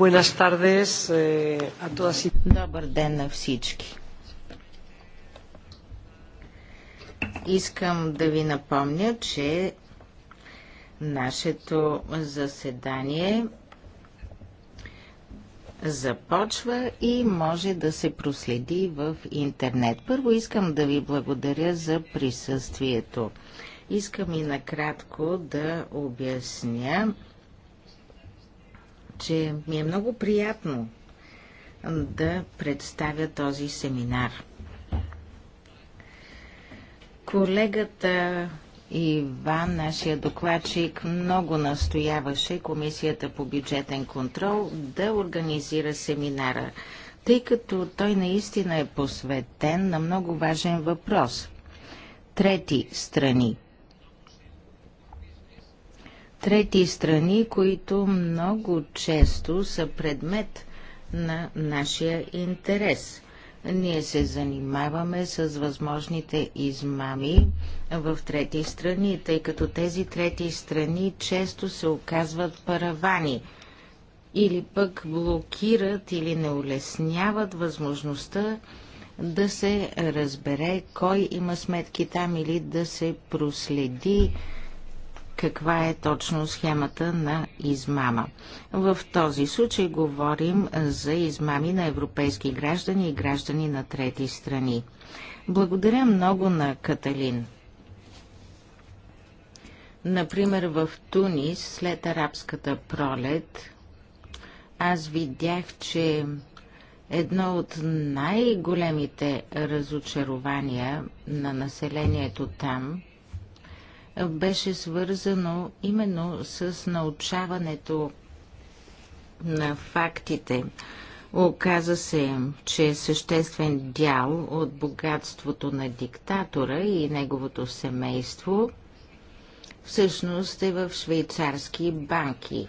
Eh, Добър ден на всички. Искам да ви напомня, че нашето заседание започва и може да се проследи в интернет. Първо искам да ви благодаря за присъствието. Искам и накратко да обясня че ми е много приятно да представя този семинар. Колегата Иван, нашия докладчик, много настояваше Комисията по бюджетен контрол да организира семинара, тъй като той наистина е посветен на много важен въпрос. Трети страни – трети страни, които много често са предмет на нашия интерес. Ние се занимаваме с възможните измами в трети страни, тъй като тези трети страни често се оказват паравани или пък блокират или не улесняват възможността да се разбере кой има сметки там или да се проследи каква е точно схемата на измама. В този случай говорим за измами на европейски граждани и граждани на трети страни. Благодаря много на Каталин. Например, в Тунис след арабската пролет аз видях, че едно от най-големите разочарования на населението там беше свързано именно с научаването на фактите. Оказа се, че съществен дял от богатството на диктатора и неговото семейство всъщност е в швейцарски банки.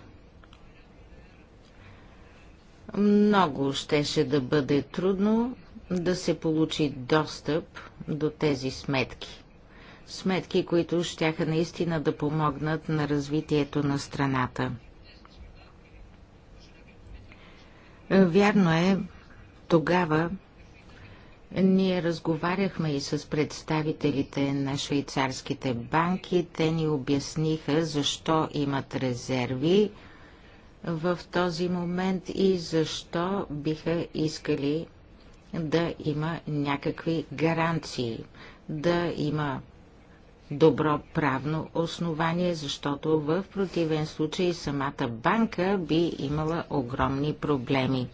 Много щеше да бъде трудно да се получи достъп до тези сметки сметки, които щяха наистина да помогнат на развитието на страната. Вярно е, тогава ние разговаряхме и с представителите на швейцарските банки. Те ни обясниха защо имат резерви в този момент и защо биха искали да има някакви гаранции, да има добро правно основание, защото в противен случай самата банка би имала огромни проблеми.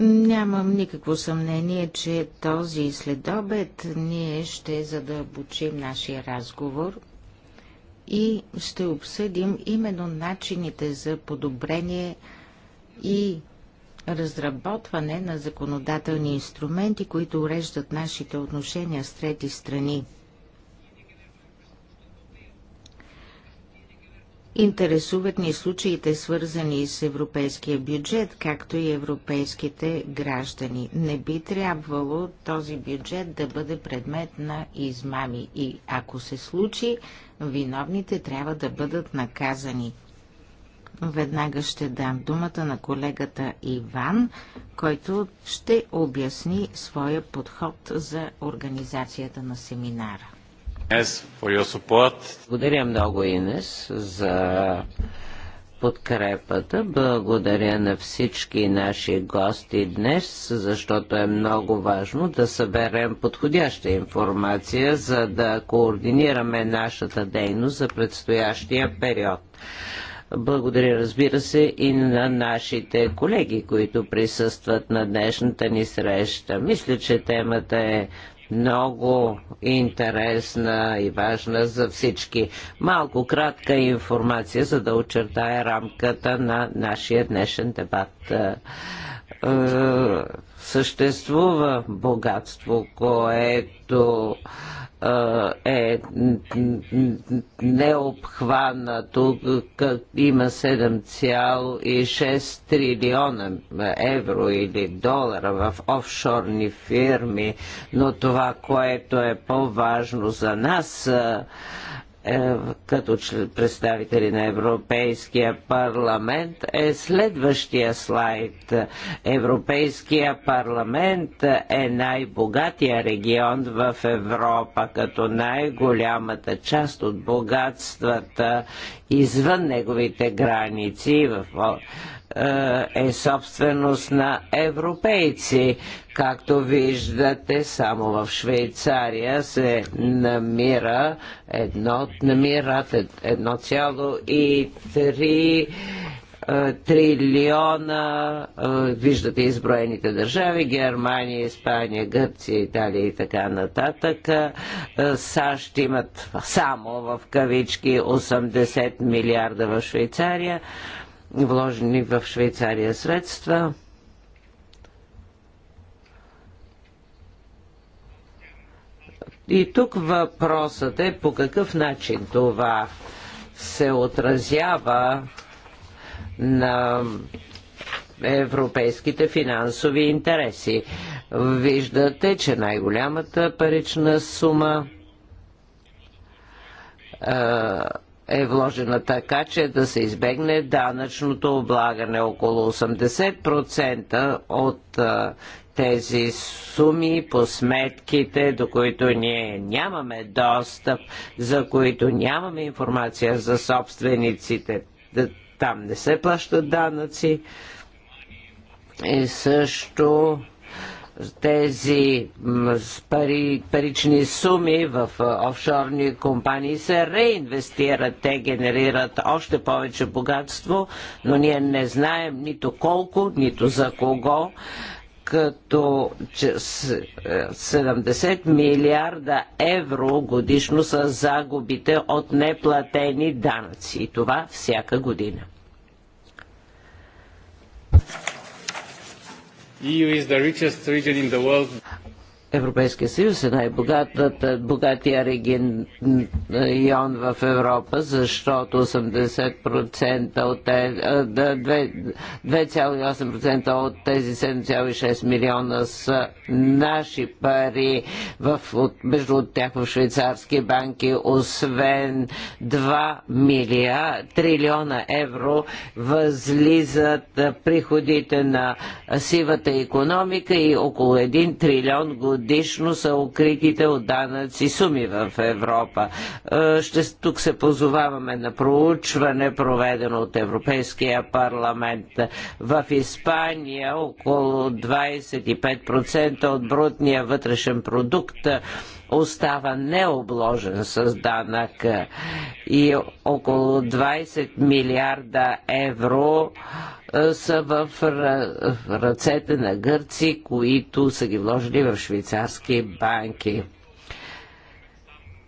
Нямам никакво съмнение, че този следобед ние ще задълбочим нашия разговор и ще обсъдим именно начините за подобрение и разработване на законодателни инструменти, които уреждат нашите отношения с трети страни. Интересуват ни случаите, свързани с европейския бюджет, както и европейските граждани. Не би трябвало този бюджет да бъде предмет на измами и ако се случи, виновните трябва да бъдат наказани. Веднага ще дам думата на колегата Иван, който ще обясни своя подход за организацията на семинара. Благодаря много, Инес, за подкрепата. Благодаря на всички наши гости днес, защото е много важно да съберем подходяща информация, за да координираме нашата дейност за предстоящия период. Благодаря, разбира се, и на нашите колеги, които присъстват на днешната ни среща. Мисля, че темата е много интересна и важна за всички. Малко кратка информация, за да очертая рамката на нашия днешен дебат. Е, съществува богатство, което е, е необхванато. Има 7,6 трилиона евро или долара в офшорни фирми, но това, което е по-важно за нас, е, е, като представители на Европейския парламент е следващия слайд. Европейския парламент е най-богатия регион в Европа, като най-голямата част от богатствата извън неговите граници в е, е собственост на европейци. Както виждате, само в Швейцария се намира едно, намират 1,3 е, е, трилиона, виждате изброените държави, Германия, Испания, Гърция, Италия и така нататък. САЩ имат само в кавички 80 милиарда в Швейцария вложени в Швейцария средства. И тук въпросът е по какъв начин това се отразява на европейските финансови интереси. Виждате, че най-голямата парична сума е вложена така, че да се избегне данъчното облагане. Около 80% от тези суми по сметките, до които ние нямаме достъп, за които нямаме информация за собствениците. Там не се плащат данъци. И също тези пари, парични суми в офшорни компании се реинвестират. Те генерират още повече богатство, но ние не знаем нито колко, нито за кого като 70 е, милиарда евро годишно са загубите от неплатени данъци. И това всяка година. EU is the richest region in the world. Европейския съюз е най-богатия регион в Европа, защото 80% от 2,8% от тези 7,6 милиона са наши пари в, от, между от тях в швейцарски банки, освен 2 милиарда, трилиона евро възлизат приходите на сивата економика и около 1 трилион години годишно са укритите от данъци суми в Европа. Е, ще, тук се позоваваме на проучване, проведено от Европейския парламент. В Испания около 25% от брутния вътрешен продукт остава необложен с данък и около 20 милиарда евро са в ръцете на гърци, които са ги вложили в швейцарски банки.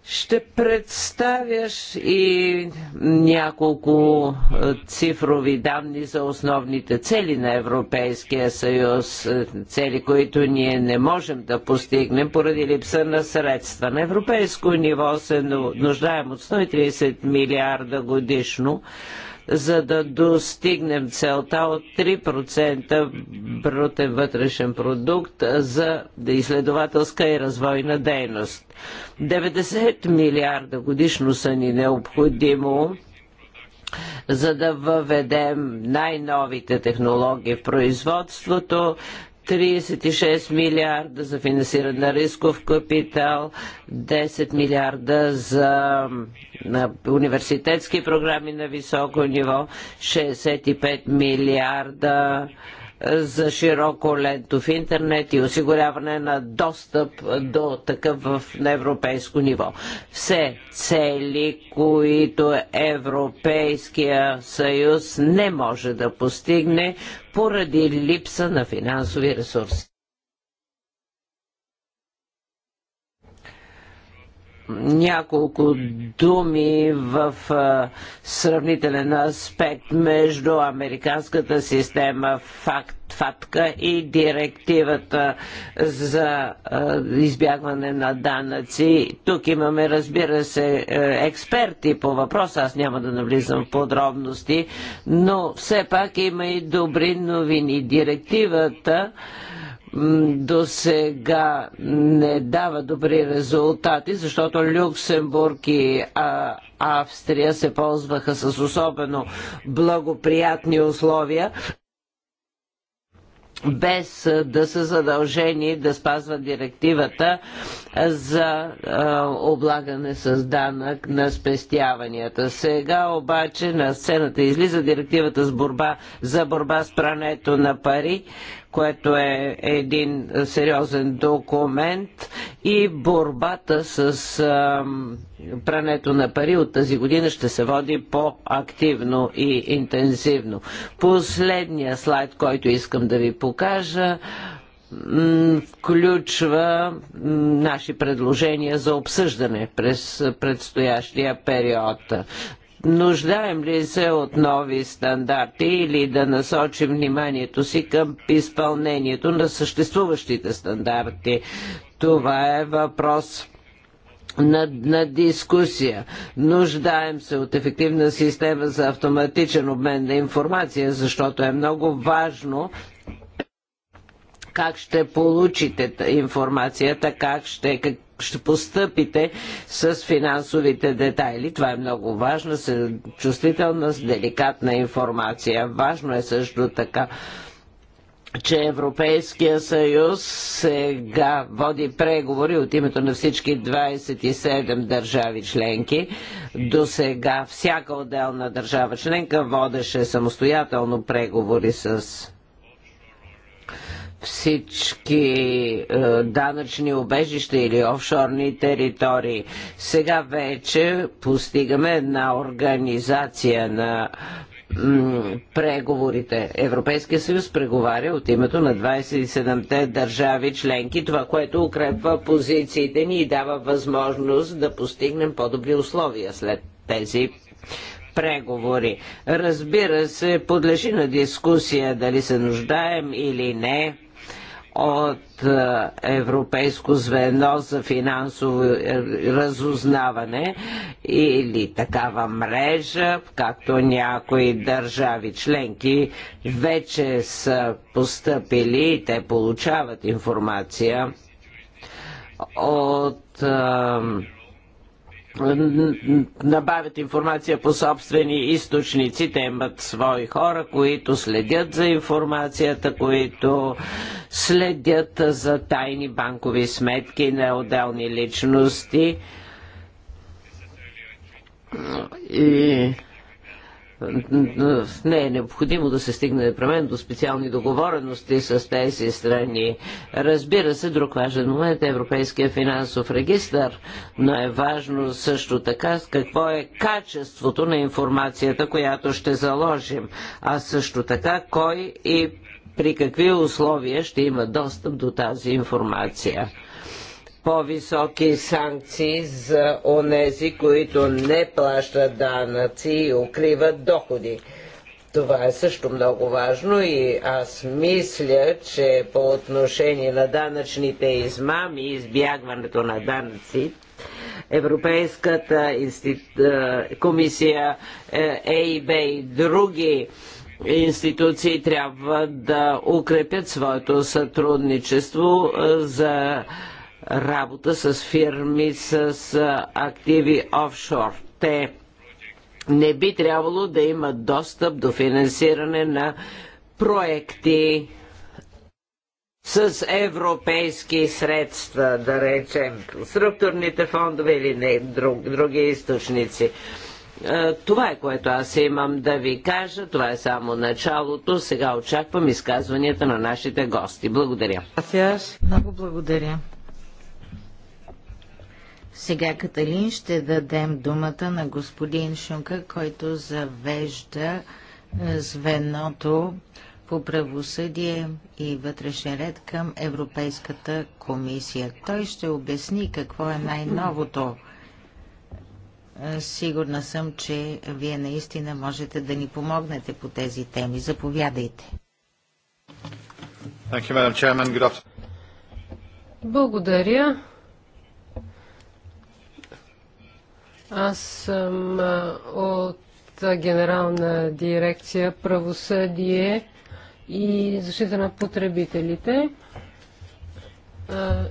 Ще представяш и няколко цифрови данни за основните цели на Европейския съюз, цели, които ние не можем да постигнем поради липса на средства. На европейско ниво се нуждаем от 130 милиарда годишно за да достигнем целта от 3% брутен вътрешен продукт за изследователска и развойна дейност. 90 милиарда годишно са ни необходимо за да въведем най-новите технологии в производството, 36 милиарда за финансиране на рисков капитал, 10 милиарда за на университетски програми на високо ниво, 65 милиарда за широко лентов интернет и осигуряване на достъп до такъв в европейско ниво. Все цели, които Европейския съюз не може да постигне поради липса на финансови ресурси. няколко думи в сравнителен аспект между американската система факт ФАТКА и директивата за избягване на данъци. Тук имаме, разбира се, е, експерти по въпроса, аз няма да навлизам в подробности, но все пак има и добри новини. Директивата до сега не дава добри резултати, защото Люксембург и а, Австрия се ползваха с особено благоприятни условия без да са задължени да спазват директивата за облагане с данък на спестяванията. Сега обаче на сцената излиза директивата с борба, за борба с прането на пари, което е един сериозен документ и борбата с а, прането на пари от тази година ще се води по-активно и интензивно. Последния слайд, който искам да ви покажа, включва наши предложения за обсъждане през предстоящия период. Нуждаем ли се от нови стандарти или да насочим вниманието си към изпълнението на съществуващите стандарти? Това е въпрос на, на дискусия. Нуждаем се от ефективна система за автоматичен обмен на информация, защото е много важно как ще получите информацията, как ще, как ще постъпите с финансовите детайли. Това е много важно, чувствителна, деликатна информация. Важно е също така че Европейския съюз сега води преговори от името на всички 27 държави членки. До сега всяка отделна държава членка водеше самостоятелно преговори с всички е, данъчни обежища или офшорни територии. Сега вече постигаме една организация на преговорите. Европейския съюз преговаря от името на 27-те държави членки, това, което укрепва позициите ни и дава възможност да постигнем по-добри условия след тези преговори. Разбира се, подлежи на дискусия дали се нуждаем или не от е, Европейско звено за финансово разузнаване или такава мрежа, както някои държави членки вече са поступили и те получават информация от е, набавят информация по собствени източници. Те имат свои хора, които следят за информацията, които следят за тайни банкови сметки на отделни личности. И не е необходимо да се стигне непременно до специални договорености с тези страни. Разбира се, друг важен момент е Европейския финансов регистр, но е важно също така какво е качеството на информацията, която ще заложим, а също така кой и при какви условия ще има достъп до тази информация по-високи санкции за онези, които не плащат данъци и укриват доходи. Това е също много важно и аз мисля, че по отношение на данъчните измами и избягването на данъци, Европейската комисия ЕИБ е и други институции трябва да укрепят своето сътрудничество за работа с фирми с активи офшор. Те не би трябвало да имат достъп до финансиране на проекти с европейски средства, да речем, структурните фондове или не, друг, други източници. Това е което аз имам да ви кажа. Това е само началото. Сега очаквам изказванията на нашите гости. Благодаря. Много благодаря. Сега, Каталин, ще дадем думата на господин Шунка, който завежда е, звеното по правосъдие и вътрешен ред към Европейската комисия. Той ще обясни какво е най-новото. Е, сигурна съм, че вие наистина можете да ни помогнете по тези теми. Заповядайте. Благодаря. Аз съм от генерална дирекция правосъдие и защита на потребителите.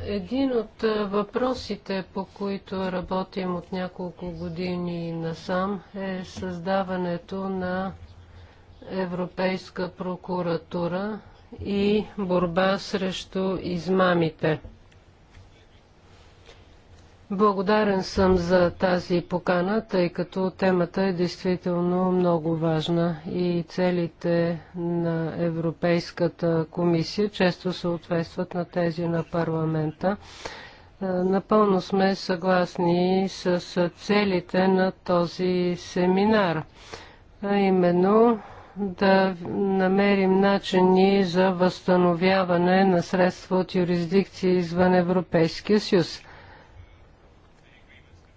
Един от въпросите, по които работим от няколко години насам, е създаването на Европейска прокуратура и борба срещу измамите. Благодарен съм за тази покана, тъй като темата е действително много важна и целите на Европейската комисия често съответстват на тези на парламента. Е, напълно сме съгласни с целите на този семинар, а именно да намерим начини за възстановяване на средства от юрисдикции извън Европейския съюз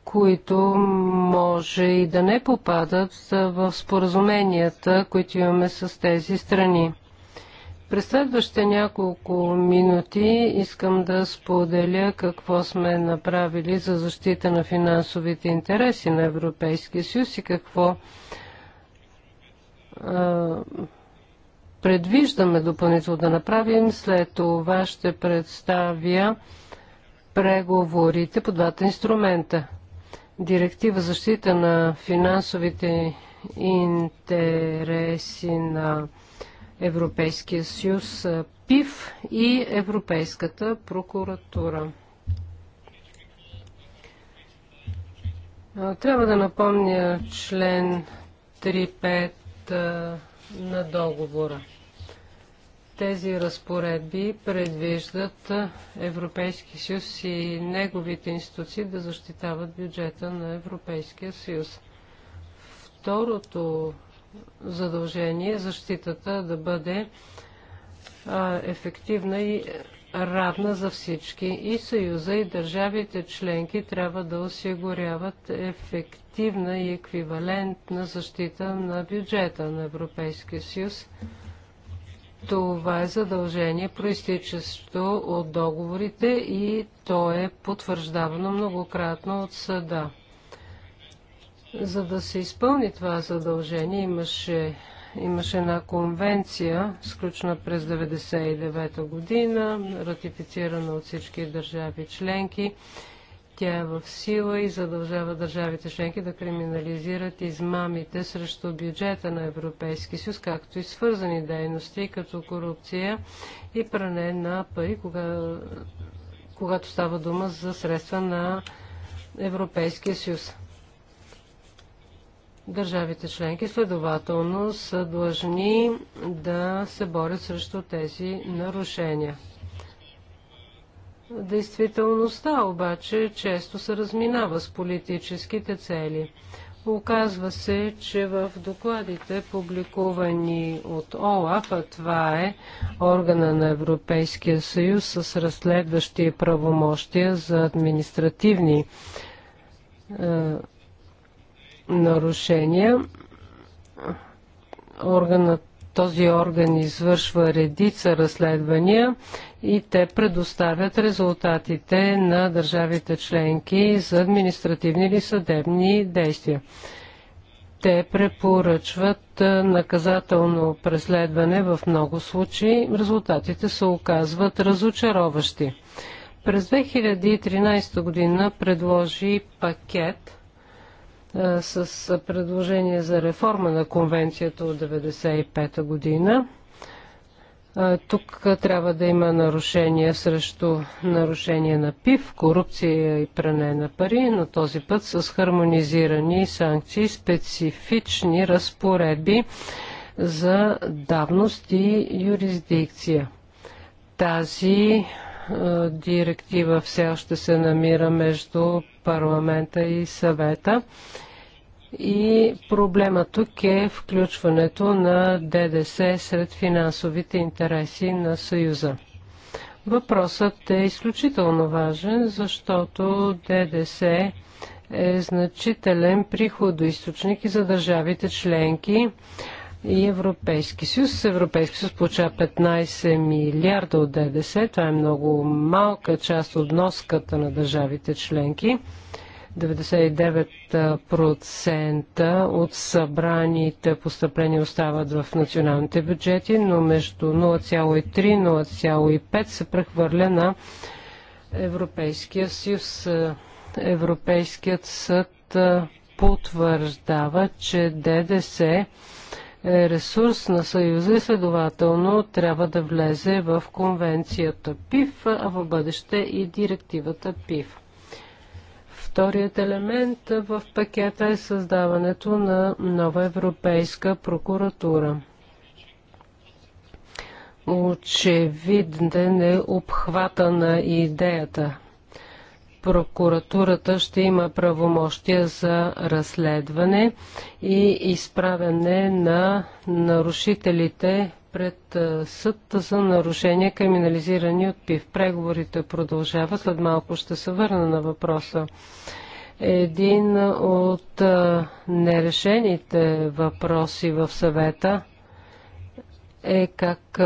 които може и да не попадат в споразуменията, които имаме с тези страни. През следващите няколко минути искам да споделя какво сме направили за защита на финансовите интереси на Европейския съюз и какво предвиждаме допълнително да направим. След това ще представя преговорите по двата инструмента директива защита на финансовите интереси на Европейския съюз, ПИФ и Европейската прокуратура. Трябва да напомня член 3.5 на договора. Тези разпоредби предвиждат Европейски съюз и неговите институции да защитават бюджета на Европейския съюз. Второто задължение е защитата да бъде а, ефективна и равна за всички. И Съюза, и държавите членки трябва да осигуряват ефективна и еквивалентна защита на бюджета на Европейския съюз това е задължение, проистичащо от договорите и то е потвърждавано многократно от съда. За да се изпълни това задължение, имаше, имаше една конвенция, сключена през 1999 година, ратифицирана от всички държави членки тя е в сила и задължава държавите членки да криминализират измамите срещу бюджета на Европейски съюз, както и свързани дейности, като корупция и пране на пари, кога, когато става дума за средства на Европейския съюз. Държавите членки следователно са длъжни да се борят срещу тези нарушения. Действителността обаче често се разминава с политическите цели. Оказва се, че в докладите, публикувани от ОЛАФ, а това е органа на Европейския съюз с разследващи правомощия за административни е, нарушения, органът, този орган извършва редица разследвания и те предоставят резултатите на държавите членки за административни или съдебни действия. Те препоръчват наказателно преследване в много случаи. Резултатите се оказват разочароващи. През 2013 година предложи пакет а, с предложение за реформа на конвенцията от 1995 година. Тук трябва да има нарушения срещу нарушение на ПИВ, корупция и пране на пари, но този път с хармонизирани санкции, специфични разпоредби за давност и юрисдикция. Тази директива все още се намира между парламента и съвета. И проблема тук е включването на ДДС сред финансовите интереси на Съюза. Въпросът е изключително важен, защото ДДС е значителен приходоисточник и за държавите членки и Европейски съюз. Европейски съюз получава 15 милиарда от ДДС. Това е много малка част от носката на държавите членки. 99% от събраните постъпления остават в националните бюджети, но между 0,3 и 0,5 се прехвърля на Европейския съюз. Европейският съд потвърждава, че ДДС е ресурс на Съюза и следователно трябва да влезе в конвенцията ПИФ, а в бъдеще и директивата ПИФ. Вторият елемент в пакета е създаването на нова европейска прокуратура. Очевиден е обхвата на идеята. Прокуратурата ще има правомощия за разследване и изправяне на нарушителите пред съд за нарушения, криминализирани от ПИВ. Преговорите продължават. След малко ще се върна на въпроса. Един от нерешените въпроси в съвета е как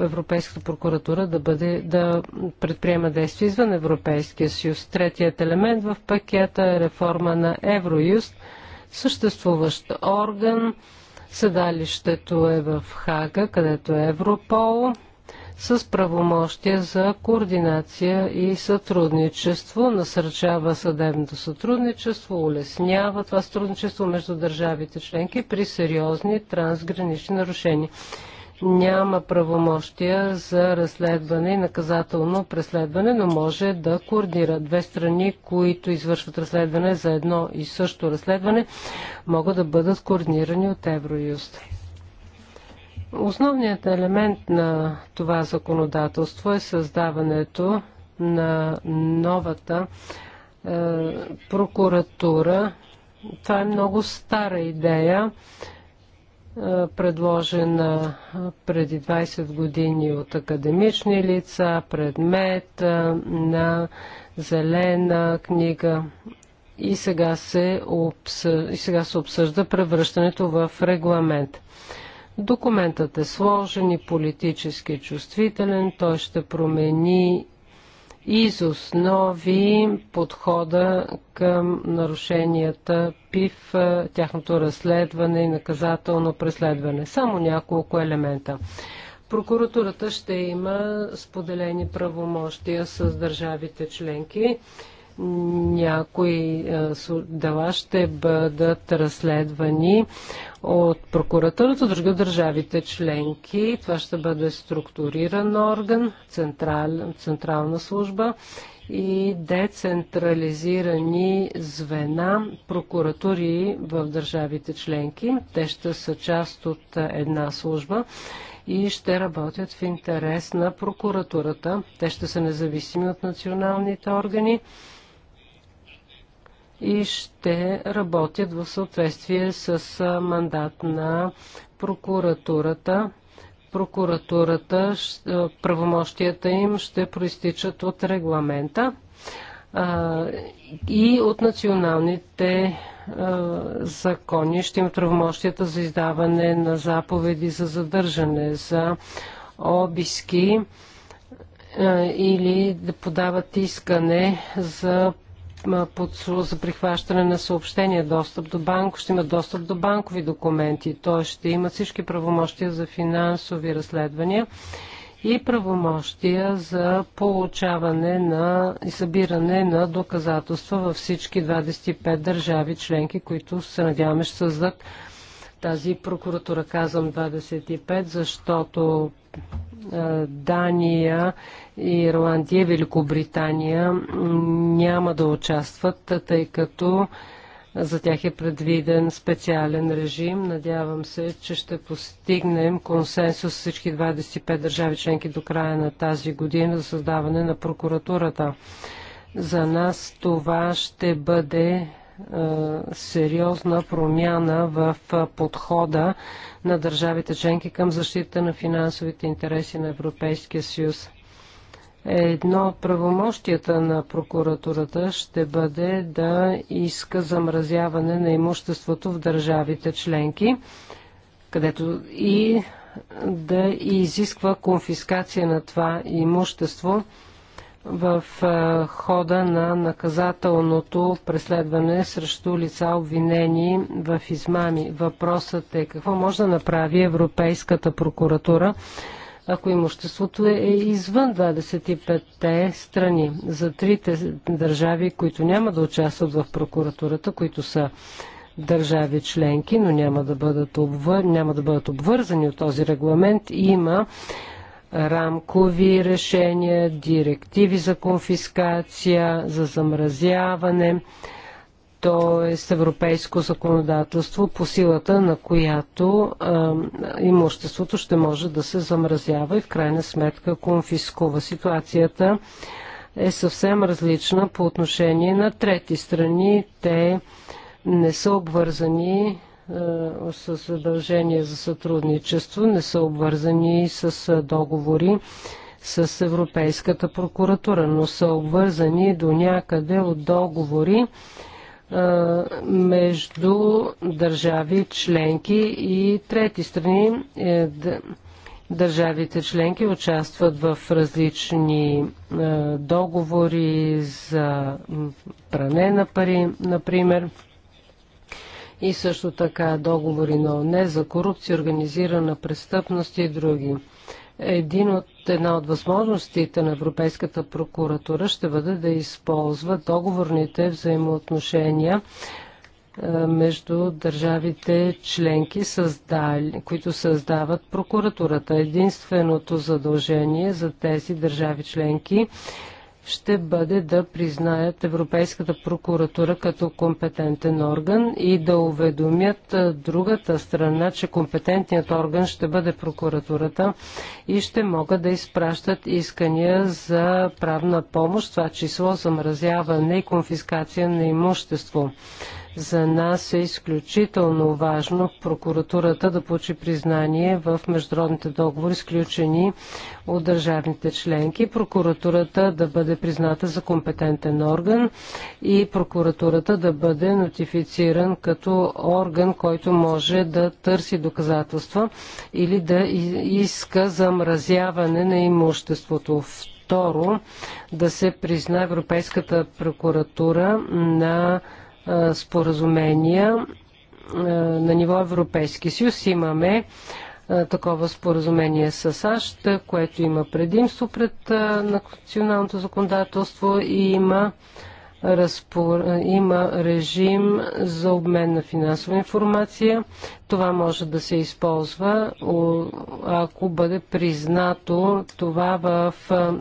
Европейската прокуратура да, бъде, да предприема действия извън Европейския съюз. Третият елемент в пакета е реформа на Евроюст, съществуващ орган, Седалището е в Хага, където е Европол, с правомощие за координация и сътрудничество, насърчава съдебното сътрудничество, улеснява това сътрудничество между държавите членки при сериозни трансгранични нарушения няма правомощия за разследване и наказателно преследване, но може да координира. Две страни, които извършват разследване за едно и също разследване, могат да бъдат координирани от Евроюст. Основният елемент на това законодателство е създаването на новата е, прокуратура. Това е много стара идея. Е, предложена е, преди 20 години от академични лица, предмет е, на зелена книга и сега се, обсъ... и сега се обсъжда превръщането в регламент. Документът е сложен и политически чувствителен, той ще промени из основи подхода към нарушенията ПИВ, тяхното разследване и наказателно преследване. Само няколко елемента. Прокуратурата ще има споделени правомощия с държавите членки. Някои дела ще бъдат разследвани от прокуратурата, от друга държавите членки. Това ще бъде структуриран орган, централ, централна служба и децентрализирани звена, прокуратури в държавите членки. Те ще са част от една служба и ще работят в интерес на прокуратурата. Те ще са независими от националните органи и ще работят в съответствие с мандат на прокуратурата. Прокуратурата, правомощията им ще проистичат от регламента и от националните закони. Ще имат правомощията за издаване на заповеди за задържане, за обиски или да подават искане за под за прихващане на съобщения, достъп до банко, ще има достъп до банкови документи, т.е. ще има всички правомощия за финансови разследвания и правомощия за получаване на и събиране на доказателства във всички 25 държави членки, които се надяваме ще създадат тази прокуратура. Казвам 25, защото е, Дания, и Ирландия, Великобритания няма да участват, тъй като за тях е предвиден специален режим. Надявам се, че ще постигнем консенсус с всички 25 държави членки до края на тази година за създаване на прокуратурата. За нас това ще бъде е, сериозна промяна в подхода на държавите членки към защита на финансовите интереси на Европейския съюз. Едно от правомощията на прокуратурата ще бъде да иска замразяване на имуществото в държавите членки, където и да изисква конфискация на това имущество – в хода на наказателното преследване срещу лица обвинени в измами. Въпросът е какво може да направи Европейската прокуратура, ако имуществото е извън 25-те страни. За трите държави, които няма да участват в прокуратурата, които са държави членки, но няма да бъдат, обвър... няма да бъдат обвързани от този регламент, има рамкови решения, директиви за конфискация, за замразяване, т.е. европейско законодателство, по силата на която а, имуществото ще може да се замразява и в крайна сметка конфискува. Ситуацията е съвсем различна по отношение на трети страни. Те не са обвързани със е, задължение за сътрудничество, не са обвързани с е, договори с Европейската прокуратура, но са обвързани до някъде от договори е, между държави членки и трети страни. Държавите членки участват в различни договори за пране на пари, например и също така договори на ОНЕ за корупция, организирана престъпност и други. Един от, една от възможностите на Европейската прокуратура ще бъде да използва договорните взаимоотношения е, между държавите членки, създали, които създават прокуратурата. Единственото задължение за тези държави членки ще бъде да признаят Европейската прокуратура като компетентен орган и да уведомят другата страна, че компетентният орган ще бъде прокуратурата и ще могат да изпращат искания за правна помощ, това число замразяване и конфискация на имущество. За нас е изключително важно прокуратурата да получи признание в международните договори, сключени от държавните членки, прокуратурата да бъде призната за компетентен орган и прокуратурата да бъде нотифициран като орган, който може да търси доказателства или да иска замразяване на имуществото второ да се призна Европейската прокуратура на споразумения на ниво Европейски съюз. Имаме такова споразумение с САЩ, което има предимство пред националното законодателство и има, разпор... има режим за обмен на финансова информация. Това може да се използва, ако бъде признато това в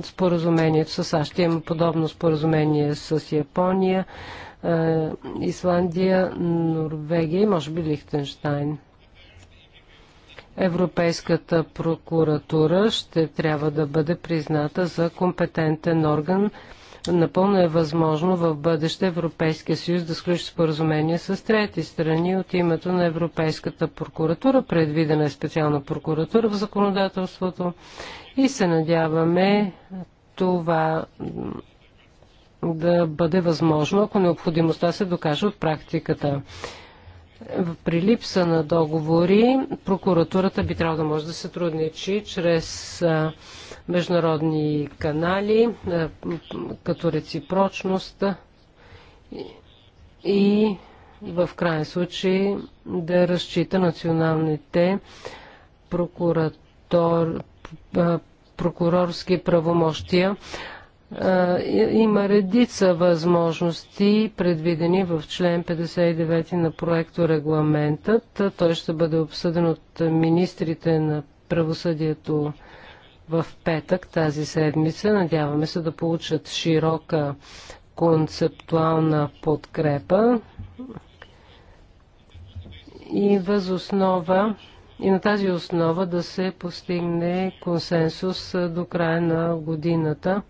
споразумението с САЩ. Има подобно споразумение с Япония, е, Исландия, Норвегия и може би Лихтенштайн. Европейската прокуратура ще трябва да бъде призната за компетентен орган. Напълно е възможно в бъдеще Европейския съюз да сключи споразумение с трети страни от името на Европейската прокуратура. Предвидена е специална прокуратура в законодателството и се надяваме това да бъде възможно, ако необходимостта се докаже от практиката. При липса на договори прокуратурата би трябвало да може да се трудничи чрез международни канали, като реципрочност и в крайен случай да разчита националните прокуратор, прокурорски правомощия има редица възможности, предвидени в член 59 на проекто регламентът. Той ще бъде обсъден от министрите на правосъдието в петък тази седмица. Надяваме се да получат широка концептуална подкрепа и възоснова и на тази основа да се постигне консенсус до края на годината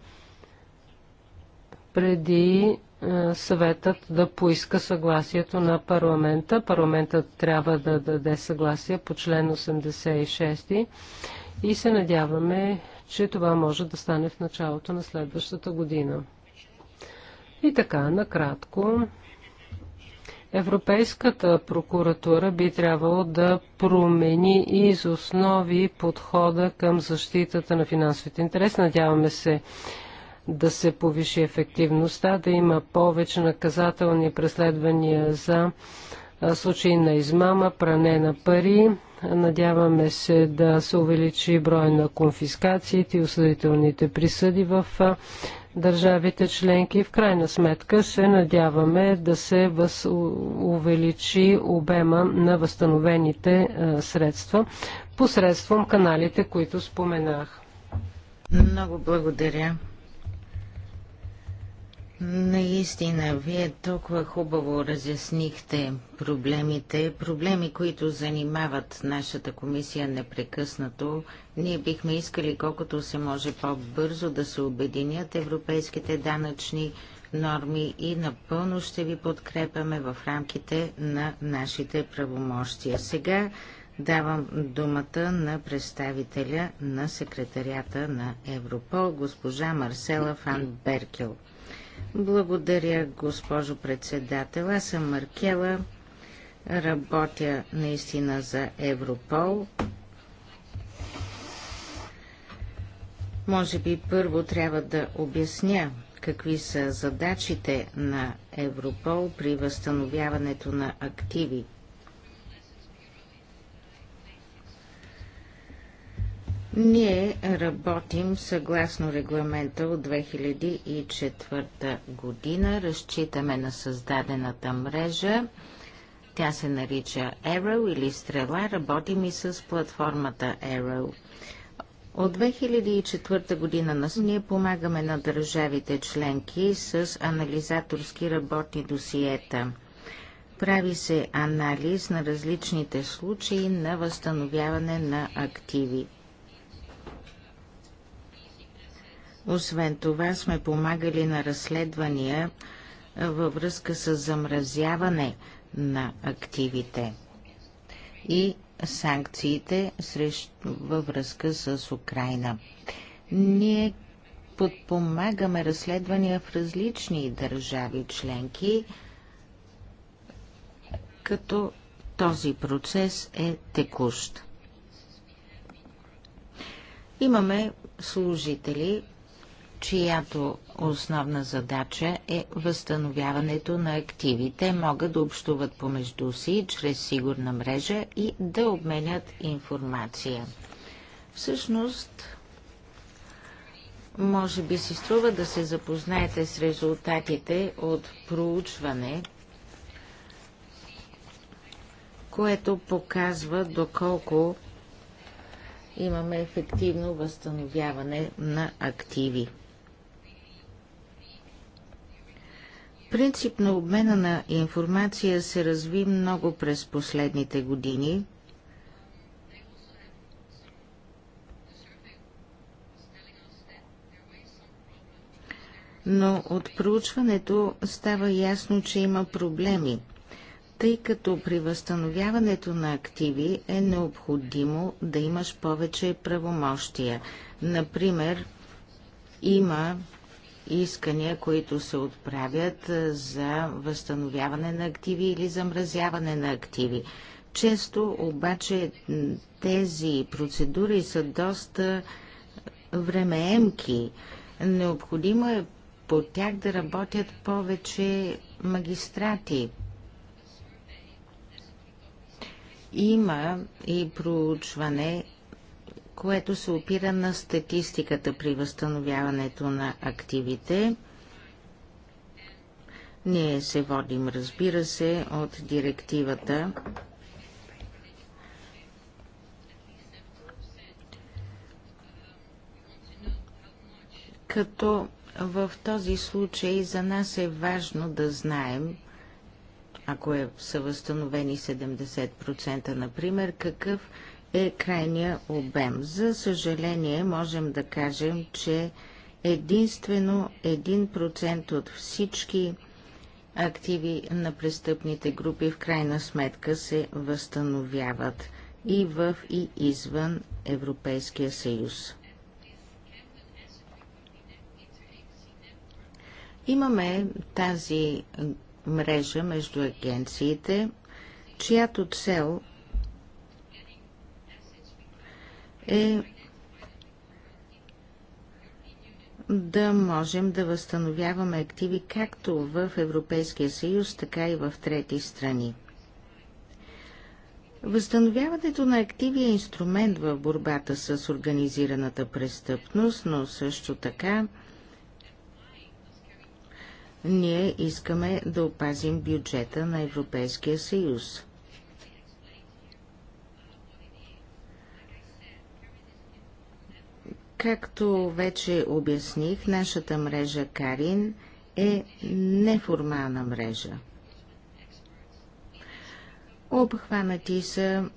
преди е, съветът да поиска съгласието на парламента. Парламентът трябва да даде съгласие по член 86 и се надяваме, че това може да стане в началото на следващата година. И така, накратко, Европейската прокуратура би трябвало да промени из основи подхода към защитата на финансовите интереси. Надяваме се, да се повиши ефективността, да има повече наказателни преследвания за случаи на измама, пране на пари. Надяваме се да се увеличи брой на конфискациите и осъдителните присъди в държавите членки. В крайна сметка се надяваме да се въз... увеличи обема на възстановените средства посредством каналите, които споменах. Много благодаря. Наистина, вие толкова хубаво разяснихте проблемите, проблеми, които занимават нашата комисия непрекъснато. Ние бихме искали колкото се може по-бързо да се обединят европейските данъчни норми и напълно ще ви подкрепяме в рамките на нашите правомощия. Сега давам думата на представителя на секретарията на Европол, госпожа Марсела Фан Беркел. Благодаря, госпожо председател. Аз съм Маркела. Работя наистина за Европол. Може би първо трябва да обясня какви са задачите на Европол при възстановяването на активи. Ние работим съгласно регламента от 2004 година. Разчитаме на създадената мрежа. Тя се нарича Arrow или Стрела. Работим и с платформата Arrow. От 2004 година нас ние помагаме на държавите членки с анализаторски работни досиета. Прави се анализ на различните случаи на възстановяване на активи. Освен това сме помагали на разследвания във връзка с замразяване на активите и санкциите във връзка с Украина. Ние подпомагаме разследвания в различни държави членки, като този процес е текущ. Имаме служители, чиято основна задача е възстановяването на активите, могат да общуват помежду си чрез сигурна мрежа и да обменят информация. Всъщност, може би си струва да се запознаете с резултатите от проучване, което показва доколко имаме ефективно възстановяване на активи. Принцип на обмена на информация се разви много през последните години. Но от проучването става ясно, че има проблеми, тъй като при възстановяването на активи е необходимо да имаш повече правомощия. Например, има искания, които се отправят за възстановяване на активи или замразяване на активи. Често обаче тези процедури са доста времеемки. Необходимо е по тях да работят повече магистрати. Има и проучване което се опира на статистиката при възстановяването на активите. Ние се водим, разбира се, от директивата като в този случай за нас е важно да знаем, ако е, са възстановени 70%, например, какъв е крайния обем. За съжаление, можем да кажем, че единствено 1% от всички активи на престъпните групи в крайна сметка се възстановяват и в и извън Европейския съюз. Имаме тази мрежа между агенциите, чиято цел е да можем да възстановяваме активи както в Европейския съюз, така и в трети страни. Възстановяването на активи е инструмент в борбата с организираната престъпност, но също така ние искаме да опазим бюджета на Европейския съюз. Както вече обясних, нашата мрежа Карин е неформална мрежа. Обхванати са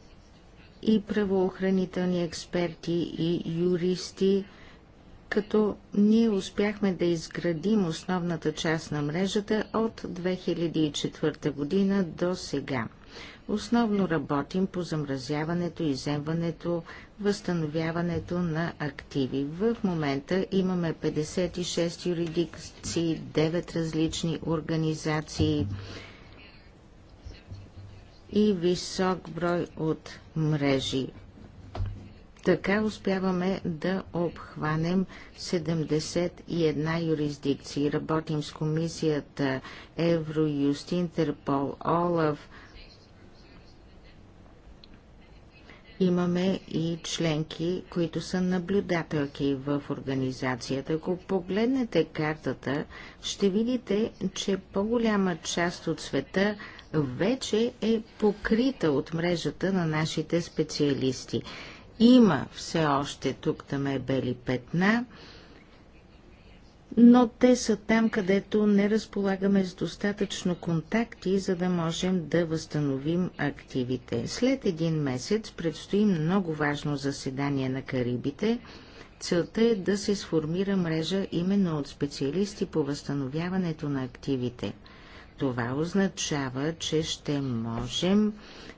и правоохранителни експерти и юристи, като ние успяхме да изградим основната част на мрежата от 2004 година до сега. Основно работим по замразяването, иземването, възстановяването на активи. В момента имаме 56 юридикции, 9 различни организации и висок брой от мрежи. Така успяваме да обхванем 71 юрисдикции. Работим с комисията Евроюст, Интерпол, ОЛАФ, Имаме и членки, които са наблюдателки в организацията. Ако погледнете картата, ще видите, че по-голяма част от света вече е покрита от мрежата на нашите специалисти. Има все още тук е бели петна, но те са там, където не разполагаме с достатъчно контакти, за да можем да възстановим активите. След един месец предстои много важно заседание на Карибите. Целта е да се сформира мрежа именно от специалисти по възстановяването на активите – това означава, че ще можем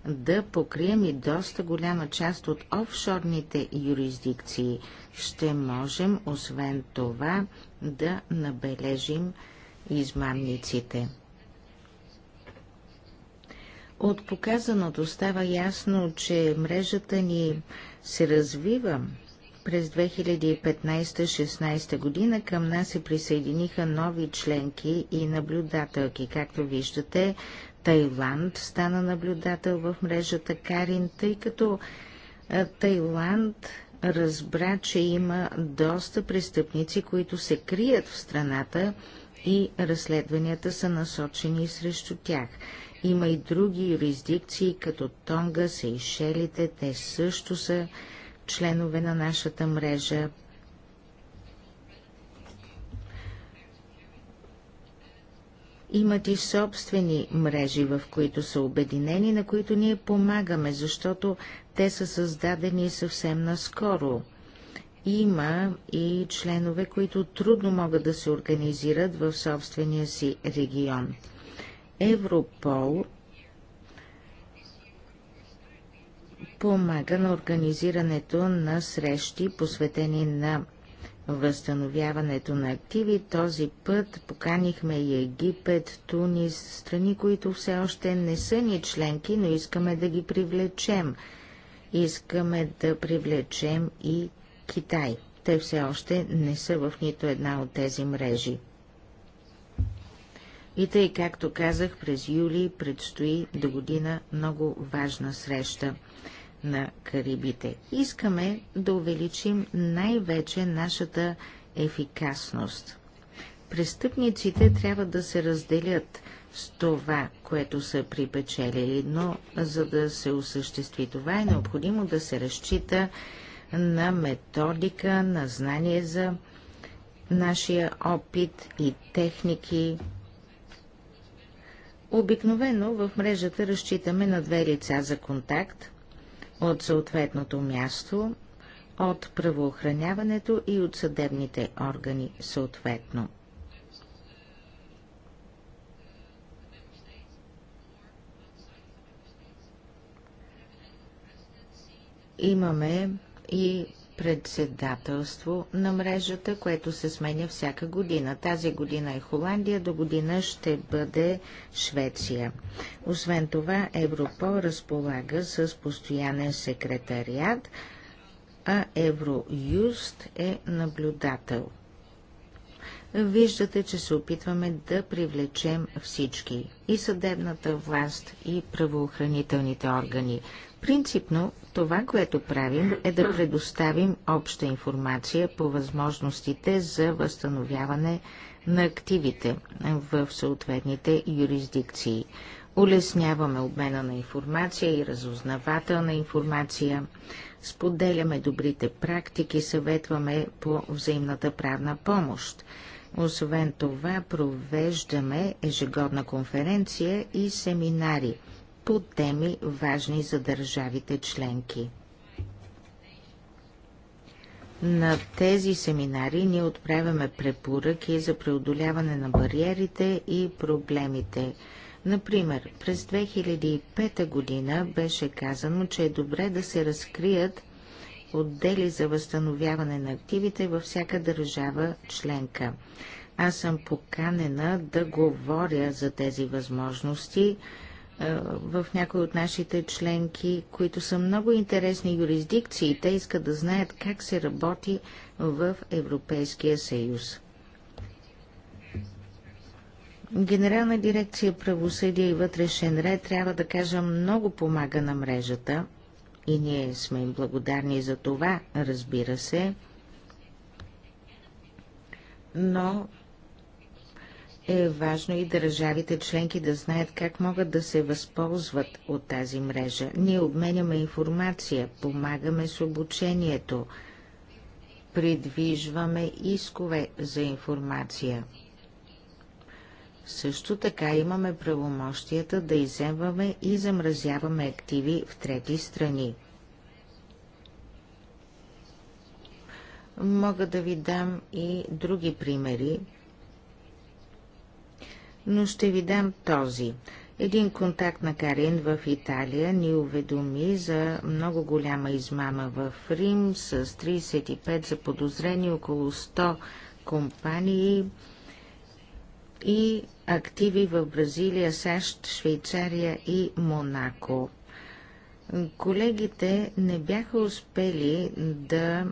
да покрием и доста голяма част от офшорните юрисдикции. Ще можем, освен това, да набележим измамниците. От показаното става ясно, че мрежата ни се развива през 2015-16 година към нас се присъединиха нови членки и наблюдателки. Както виждате, Тайланд стана наблюдател в мрежата Карин, тъй като Тайланд разбра, че има доста престъпници, които се крият в страната и разследванията са насочени срещу тях. Има и други юрисдикции, като Тонга, Сейшелите, те също са членове на нашата мрежа. Имат и собствени мрежи, в които са обединени, на които ние помагаме, защото те са създадени съвсем наскоро. Има и членове, които трудно могат да се организират в собствения си регион. Европол помага на организирането на срещи, посветени на възстановяването на активи. Този път поканихме и Египет, Тунис, страни, които все още не са ни членки, но искаме да ги привлечем. Искаме да привлечем и Китай. Те все още не са в нито една от тези мрежи. И тъй, както казах, през юли предстои до година много важна среща на Карибите. Искаме да увеличим най-вече нашата ефикасност. Престъпниците трябва да се разделят с това, което са припечелили, но за да се осъществи това е необходимо да се разчита на методика, на знание за нашия опит и техники. Обикновено в мрежата разчитаме на две лица за контакт от съответното място, от правоохраняването и от съдебните органи съответно. Имаме и председателство на мрежата, което се сменя всяка година. Тази година е Холандия, до година ще бъде Швеция. Освен това, Европол разполага с постоянен секретариат, а Евроюст е наблюдател. Виждате, че се опитваме да привлечем всички – и съдебната власт, и правоохранителните органи. Принципно това, което правим, е да предоставим обща информация по възможностите за възстановяване на активите в съответните юрисдикции. Улесняваме обмена на информация и разузнавателна информация, споделяме добрите практики, съветваме по взаимната правна помощ. Освен това, провеждаме ежегодна конференция и семинари – по теми важни за държавите членки. На тези семинари ние отправяме препоръки за преодоляване на бариерите и проблемите. Например, през 2005 година беше казано, че е добре да се разкрият отдели за възстановяване на активите във всяка държава членка. Аз съм поканена да говоря за тези възможности е, в някои от нашите членки, които са много интересни юрисдикции. Те искат да знаят как се работи в Европейския съюз. Генерална дирекция правосъдие и вътрешен ред трябва да кажа много помага на мрежата и ние сме им благодарни за това, разбира се, но е важно и държавите членки да знаят как могат да се възползват от тази мрежа. Ние обменяме информация, помагаме с обучението, придвижваме искове за информация. Също така имаме правомощията да иземваме и замразяваме активи в трети страни. Мога да ви дам и други примери но ще ви дам този. Един контакт на Карин в Италия ни уведоми за много голяма измама в Рим с 35 заподозрени, около 100 компании и активи в Бразилия, САЩ, Швейцария и Монако. Колегите не бяха успели да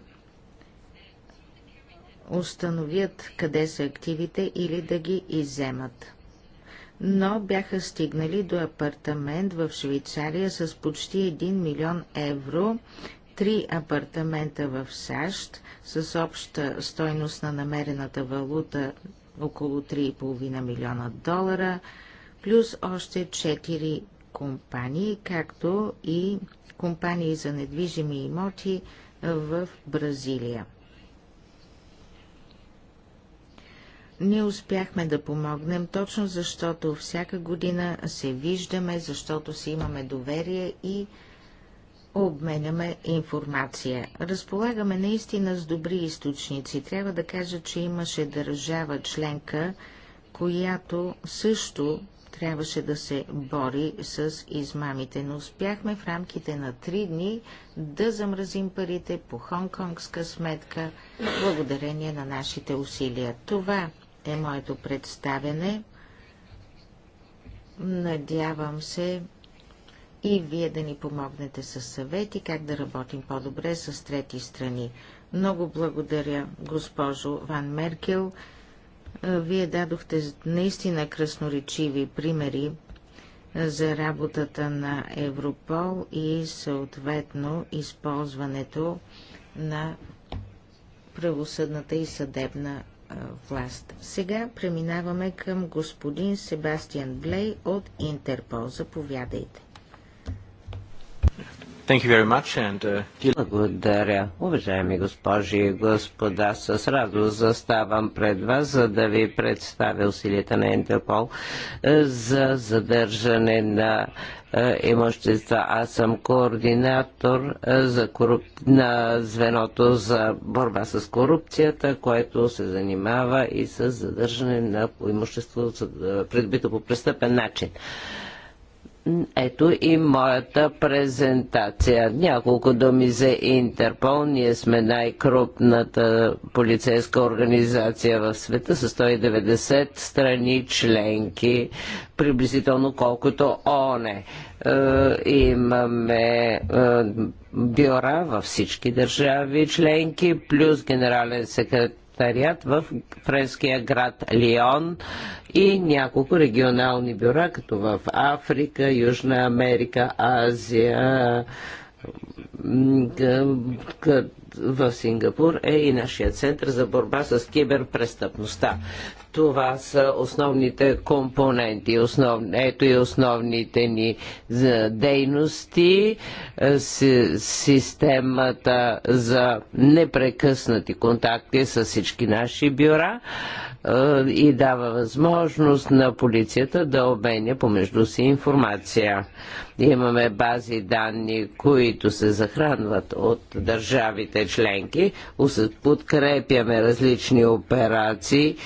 установят къде са активите или да ги иземат но бяха стигнали до апартамент в Швейцария с почти 1 милион евро, три апартамента в САЩ с обща стойност на намерената валута около 3,5 милиона долара, плюс още 4 компании, както и компании за недвижими имоти в Бразилия. не успяхме да помогнем, точно защото всяка година се виждаме, защото си имаме доверие и обменяме информация. Разполагаме наистина с добри източници. Трябва да кажа, че имаше държава членка, която също трябваше да се бори с измамите, но успяхме в рамките на три дни да замразим парите по хонконгска сметка, благодарение на нашите усилия. Това е моето представене. Надявам се и вие да ни помогнете с съвети как да работим по-добре с трети страни. Много благодаря, госпожо Ван Меркел. Вие дадохте наистина красноречиви примери за работата на Европол и съответно използването на правосъдната и съдебна власт. Сега преминаваме към господин Себастиан Блей от Интерпол. Заповядайте. And... Uh, Благодаря. Уважаеми госпожи и господа, с радост заставам пред вас, за да ви представя усилията на Интерпол е, за задържане на имущества. Аз съм координатор за коруп... на звеното за борба с корупцията, което се занимава и с задържане на имущество придобито по престъпен начин. Ето и моята презентация. Няколко думи за Интерпол. Ние сме най-крупната полицейска организация в света с 190 страни членки, приблизително колкото ОНЕ. Имаме е, бюра във всички държави членки, плюс генерален секретар секретариат в френския град Лион и няколко регионални бюра, като в Африка, Южна Америка, Азия, в Сингапур е и нашия център за борба с киберпрестъпността. Това са основните компоненти. Основ... Ето и основните ни дейности. Е, системата за непрекъснати контакти с всички наши бюра е, и дава възможност на полицията да обменя помежду си информация. Имаме бази данни, които се захранват от държавите членки, подкрепяме различни операции,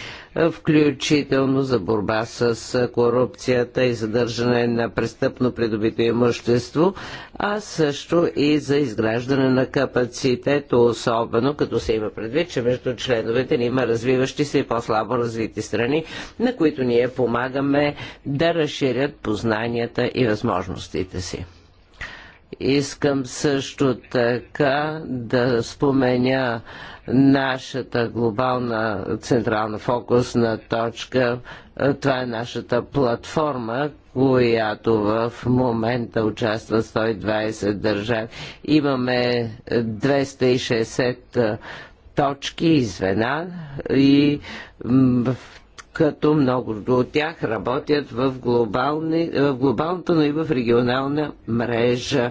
включително за борба с корупцията и задържане на престъпно придобито имущество, а също и за изграждане на капацитет, особено като се има предвид, че между членовете ни има развиващи се и по-слабо развити страни, на които ние помагаме да разширят познанията и възможностите си. Искам също така да споменя нашата глобална централна фокусна точка. Е, това е нашата платформа, която в момента участва 120 държави. Имаме 260 е, точки и звена и като много от тях работят в, глобални, в глобалната, но и в регионална мрежа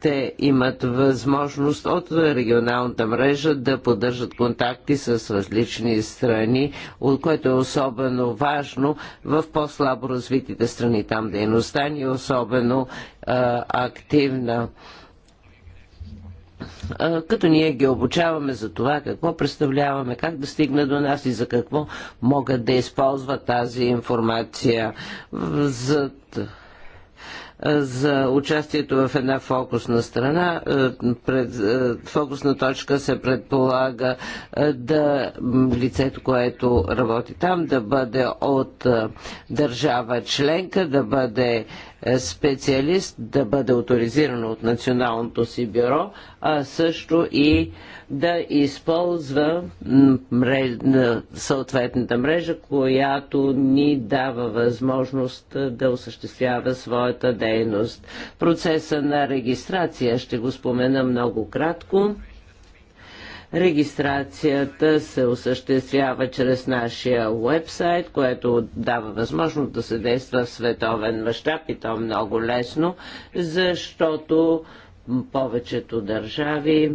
те имат възможност от регионалната мрежа да поддържат контакти с различни страни, от което е особено важно в по-слабо развитите страни. Там дейността ни е особено а, активна. А, като ние ги обучаваме за това какво представляваме, как да стигне до нас и за какво могат да използват тази информация. За за участието в една фокусна страна. Пред, фокусна точка се предполага да лицето, което работи там, да бъде от държава членка, да бъде е, специалист да бъде авторизиран от Националното си бюро, а също и да използва мреж, съответната мрежа, която ни дава възможност да осъществява своята дейност. Процеса на регистрация ще го спомена много кратко. Регистрацията се осъществява чрез нашия вебсайт, което дава възможност да се действа в световен мащаб и то много лесно, защото повечето държави е,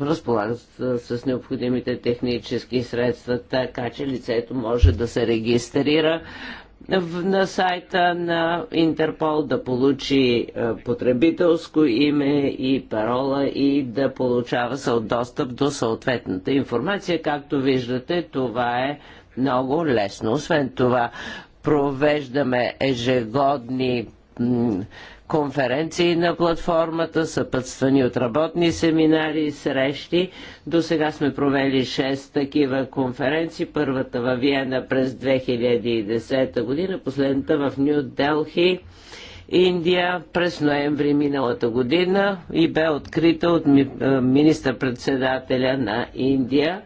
разполагат с необходимите технически средства, така че лицето може да се регистрира на сайта на Интерпол да получи е, потребителско име и парола и да получава достъп до съответната информация. Както виждате, това е много лесно. Освен това, провеждаме ежегодни конференции на платформата, съпътствани от работни семинари и срещи. До сега сме провели 6 такива конференции. Първата във Виена през 2010 година, последната в Нью Делхи. Индия през ноември миналата година и бе открита от е, министър-председателя на Индия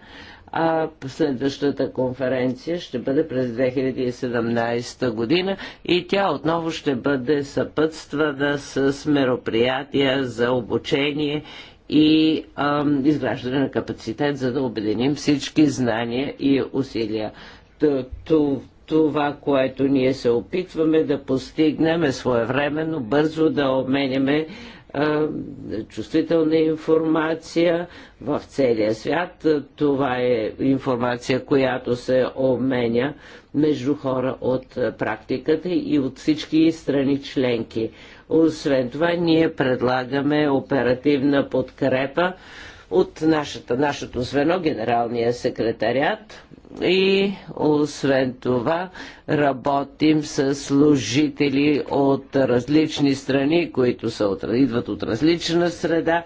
а следващата конференция ще бъде през 2017 година и тя отново ще бъде съпътствана с мероприятия за обучение и ам, изграждане на капацитет, за да обединим всички знания и усилия. Това, което ние се опитваме да постигнем е своевременно, бързо да обменяме чувствителна информация в целия свят. Това е информация, която се обменя между хора от практиката и от всички страни членки. Освен това, ние предлагаме оперативна подкрепа от нашата, нашето звено, генералния секретарят и освен това работим с служители от различни страни, които са от, идват от различна среда,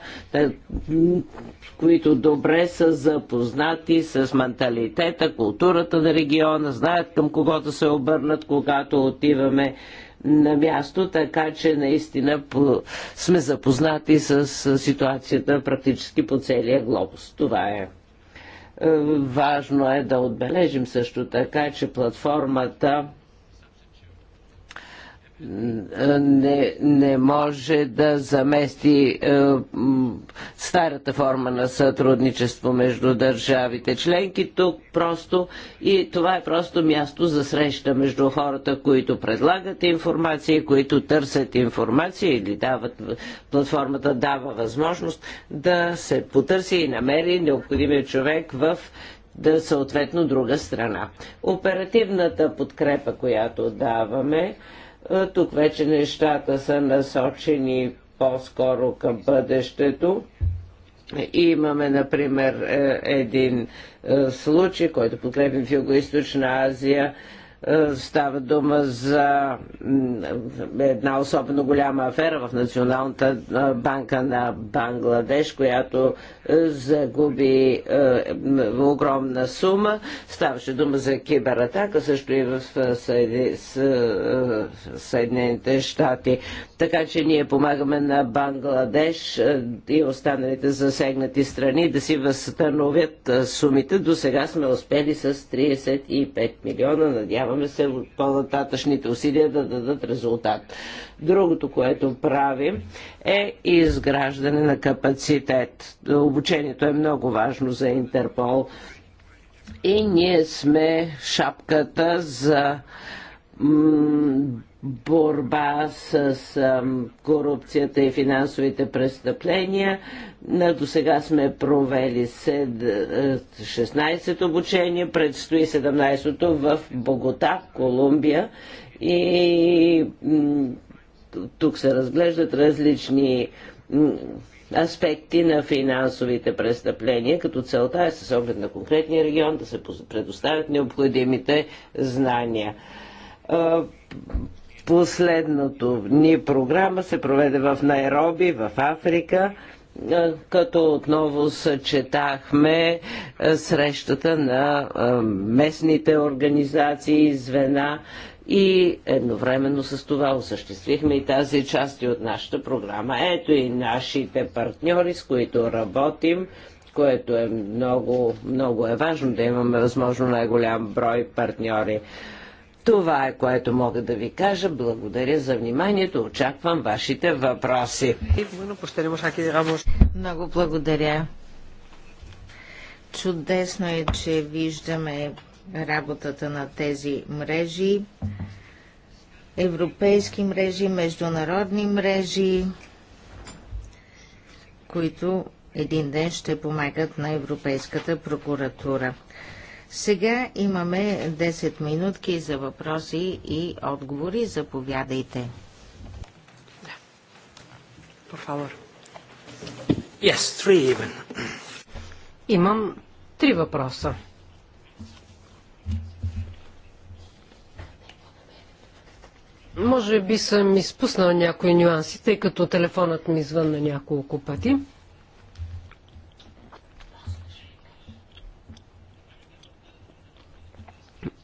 които добре са запознати с менталитета, културата на региона, знаят към кого да се обърнат, когато отиваме на място, така че наистина по... сме запознати с ситуацията практически по целия глобус. Това е. е. Важно е да отбележим също така, че платформата не, не може да замести е, старата форма на сътрудничество между държавите членки. Тук просто и това е просто място за среща между хората, които предлагат информация, които търсят информация или дават платформата дава възможност да се потърси и намери необходимия човек в да съответно друга страна. Оперативната подкрепа, която даваме, е, тук вече нещата са насочени по-скоро към бъдещето. Имаме, например, е, един е, случай, който подкрепим в Юго-Источна Азия, е, става дума за една особено голяма афера в Националната е, банка на Бангладеш, която е, загуби огромна сума. Ставаше дума за кибератака, също и в Съединените щати. Така че ние помагаме на Бангладеш е, и останалите засегнати страни да си възстановят е, сумите. До сега сме успели с 35 милиона. Надяваме се по-нататъчните усилия да дадат резултат. Другото, което правим е изграждане на капацитет. Обучението е много важно за Интерпол. И ние сме шапката за борба с корупцията и финансовите престъпления. До сега сме провели 16 е, обучения, предстои 17-то в Богота, Колумбия и тук се разглеждат различни аспекти на финансовите престъпления, като целта е с оглед на конкретния регион да се предоставят необходимите знания е, Последното ни програма се проведе в Найроби, в Африка, е, като отново съчетахме е, срещата на е, местните организации, звена и едновременно с това осъществихме и тази части от нашата програма. Ето и нашите партньори, с които работим, което е много, много е важно да имаме възможно най-голям брой партньори. Това е което мога да ви кажа. Благодаря за вниманието. Очаквам вашите въпроси. Много благодаря. Чудесно е, че виждаме работата на тези мрежи. Европейски мрежи, международни мрежи, които един ден ще помагат на Европейската прокуратура. Сега имаме 10 минутки за въпроси и отговори. Заповядайте. Yes, Имам три въпроса. Може би съм изпуснал някои нюанси, тъй като телефонът ми звънна няколко пъти.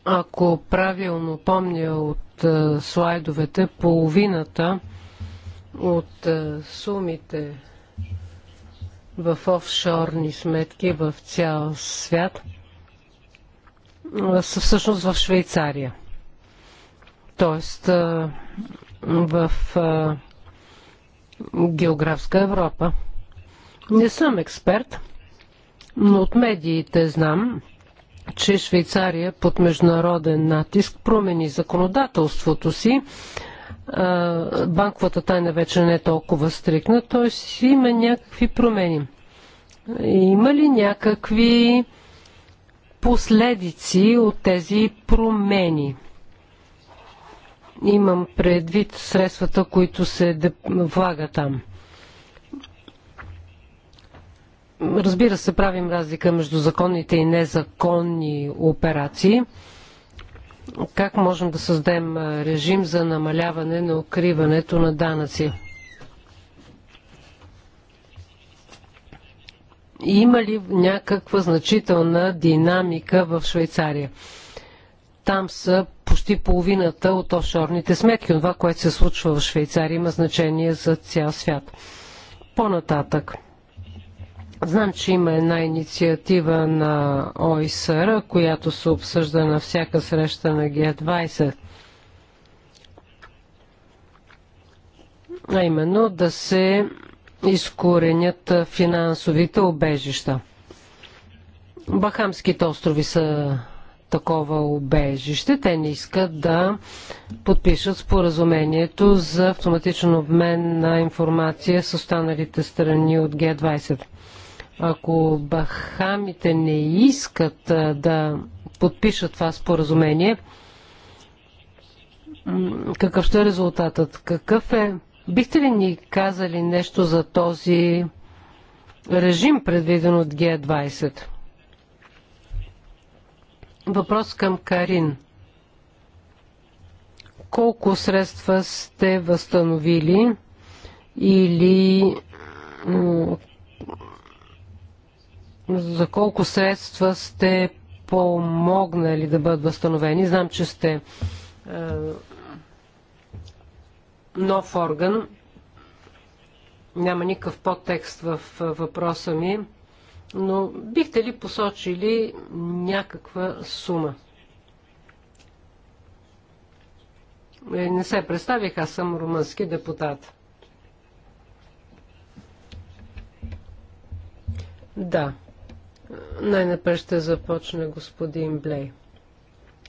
Ако правилно помня от е, слайдовете, половината от е, сумите в офшорни сметки в цял свят е, са всъщност в Швейцария. Тоест в географска Европа. Не съм експерт, но от медиите знам, че Швейцария под международен натиск промени законодателството си. Банковата тайна вече не е толкова стрикна, т.е. има някакви промени. Има ли някакви последици от тези промени? Имам предвид средствата, които се влагат там. Разбира се, правим разлика между законните и незаконни операции. Как можем да създадем режим за намаляване на укриването на данъци? Има ли някаква значителна динамика в Швейцария? Там са почти половината от офшорните сметки. Това, което се случва в Швейцария, има значение за цял свят. По-нататък – Знам, че има една инициатива на ОИСР, която се обсъжда на всяка среща на Г20. А именно да се изкоренят финансовите обежища. Бахамските острови са такова обежище. Те не искат да подпишат споразумението за автоматичен обмен на информация с останалите страни от Г20. Ако Бахамите не искат да подпишат това споразумение, какъв ще е резултатът? Какъв е? Бихте ли ни казали нещо за този режим, предвиден от Г20? Въпрос към Карин. Колко средства сте възстановили или за колко средства сте помогнали да бъдат възстановени. Знам, че сте е, нов орган. Няма никакъв подтекст в въпроса ми, но бихте ли посочили някаква сума? Е, не се представих, аз съм румънски депутат. Да. Най-напред ще започне господин Блей.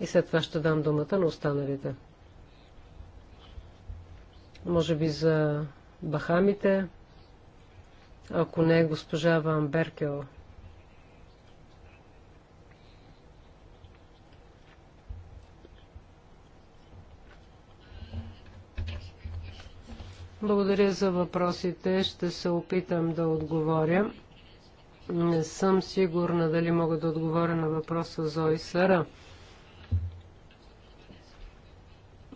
И след това ще дам думата на останалите. Може би за Бахамите, ако не госпожа Ван Беркел. Благодаря за въпросите. Ще се опитам да отговоря. Не съм сигурна дали мога да отговоря на въпроса за ОИСР.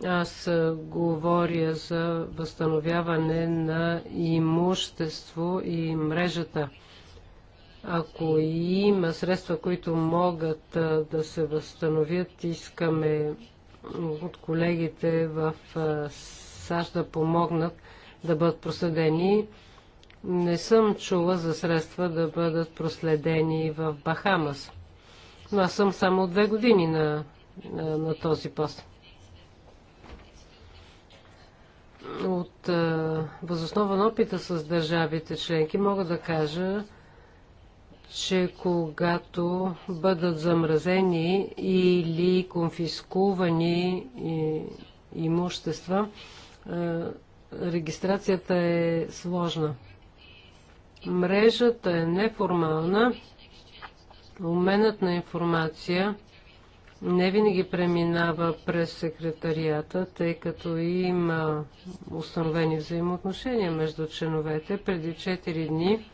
Аз говоря за възстановяване на имущество и мрежата. Ако има средства, които могат да се възстановят, искаме от колегите в САЩ да помогнат да бъдат проследени. Не съм чула за средства да бъдат проследени в Бахамас. Но аз съм само две години на, на, на този пост. От възоснован опита с държавите членки мога да кажа, че когато бъдат замразени или конфискувани имущества, регистрацията е сложна. Мрежата е неформална. Обменът на информация не винаги преминава през секретарията, тъй като има установени взаимоотношения между членовете. Преди 4 дни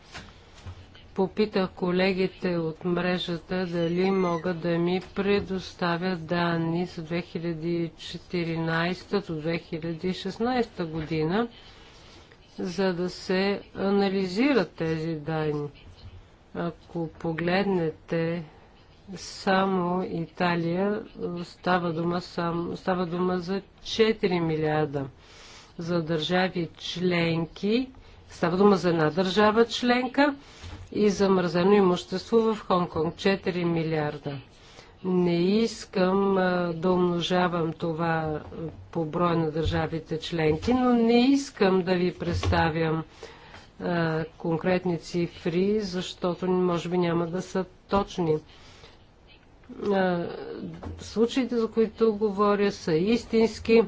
попитах колегите от мрежата дали могат да ми предоставят данни за 2014 до 2016 година за да се анализират тези данни. Ако погледнете само Италия, става дума, сам, става дума за 4 милиарда. За държави членки, става дума за една държава членка и замразено имущество в Хонконг 4 милиарда. Не искам да умножавам това по брой на държавите членки, но не искам да ви представям конкретни цифри, защото може би няма да са точни. Случаите, за които говоря, са истински.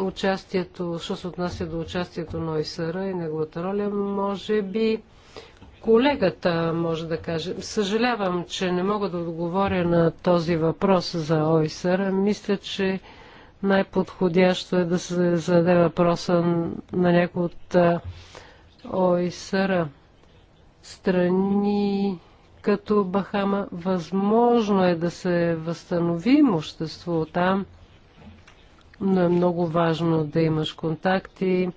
Участието, що се отнася до участието на ОИСР и неговата роля, може би Колегата може да каже. Съжалявам, че не мога да отговоря на този въпрос за ОИСР. Мисля, че най-подходящо е да се зададе въпроса на някои от ОИСР. Страни като Бахама, възможно е да се възстанови имущество там, но е много важно да имаш контакти,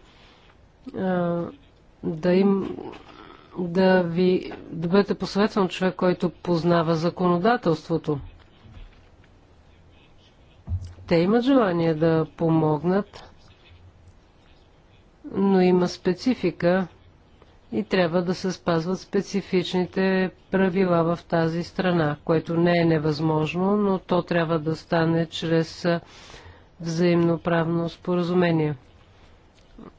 да им да ви да бъдете посветван човек, който познава законодателството. Те имат желание да помогнат, но има специфика и трябва да се спазват специфичните правила в тази страна, което не е невъзможно, но то трябва да стане чрез взаимноправно споразумение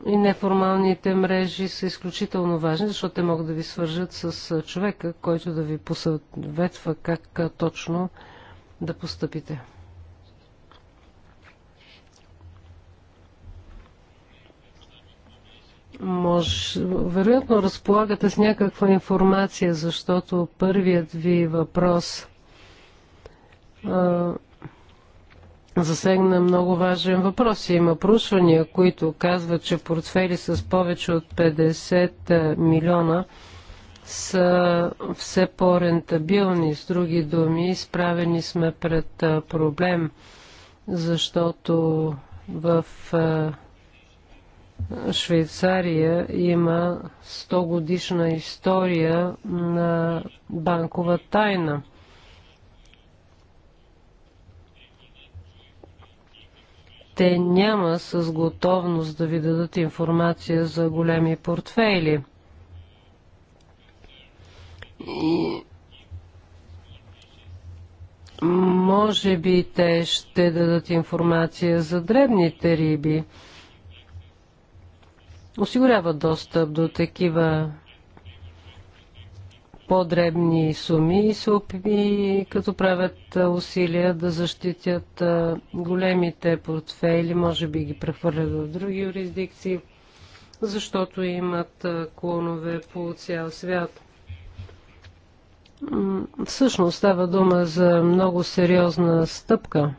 и неформалните мрежи са изключително важни, защото те могат да ви свържат с човека, който да ви посъветва как точно да постъпите. Може, вероятно разполагате с някаква информация, защото първият ви въпрос – засегна много важен въпрос. Има проучвания, които казват, че портфели с повече от 50 милиона са все по-рентабилни. С други думи, изправени сме пред проблем, защото в Швейцария има 100 годишна история на банкова тайна. те няма с готовност да ви дадат информация за големи портфейли. И може би те ще дадат информация за дребните риби. Осигуряват достъп до такива по-дребни суми и се опими, като правят усилия да защитят големите портфейли, може би ги прехвърлят в други юрисдикции, защото имат клонове по цял свят. Всъщност става дума за много сериозна стъпка.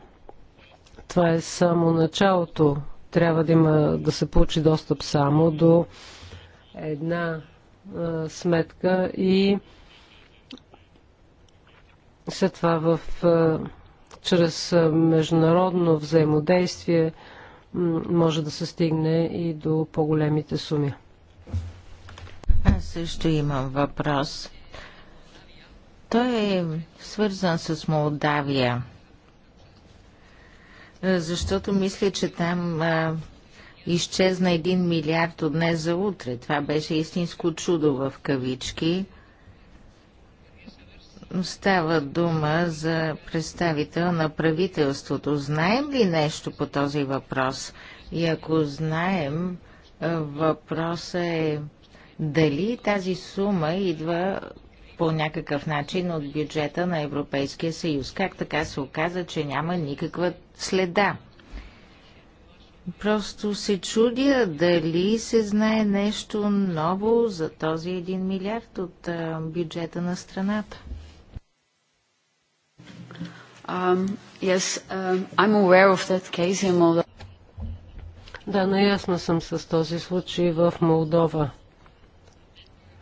Това е само началото. Трябва да има да се получи достъп само до една сметка и след това в, чрез международно взаимодействие може да се стигне и до по-големите суми. Аз също имам въпрос. Той е свързан с Молдавия, защото мисля, че там а, изчезна 1 милиард от днес за утре. Това беше истинско чудо в кавички. Става дума за представител на правителството. Знаем ли нещо по този въпрос? И ако знаем, въпросът е дали тази сума идва по някакъв начин от бюджета на Европейския съюз. Как така се оказа, че няма никаква следа? Просто се чудя дали се знае нещо ново за този 1 милиард от бюджета на страната. Um, yes, um, I'm aware of that case in Moldova. Да, наясна съм с този случай в Молдова.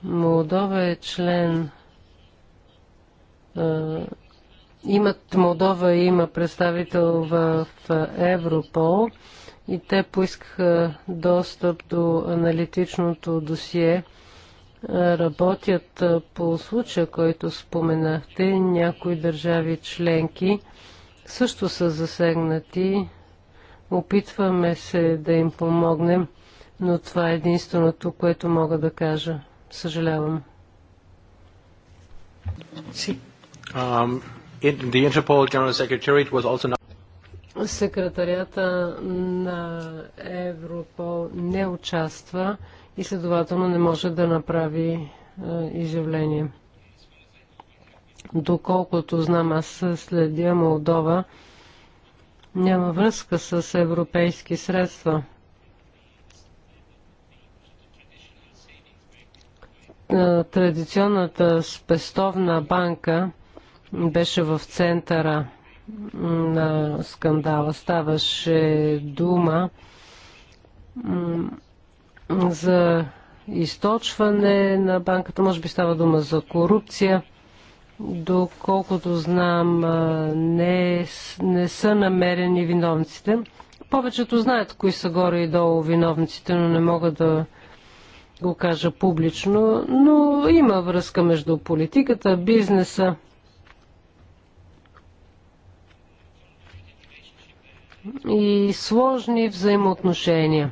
Молдова е член. имат, Молдова има представител в, в Европол и те поискаха достъп до аналитичното досие работят по случая, който споменахте. Някои държави членки също са засегнати. Опитваме се да им помогнем, но това е единственото, което мога да кажа. Съжалявам. Секретарията на Европол не участва и следователно не може да направи е, изявление. Доколкото знам, аз следя Молдова, няма връзка с европейски средства. Е, традиционната спестовна банка беше в центъра на скандала. Ставаше дума за източване на банката, може би става дума за корупция. Доколкото знам, не, не са намерени виновниците. Повечето знаят кои са горе и долу виновниците, но не мога да го кажа публично, но има връзка между политиката, бизнеса. и сложни взаимоотношения.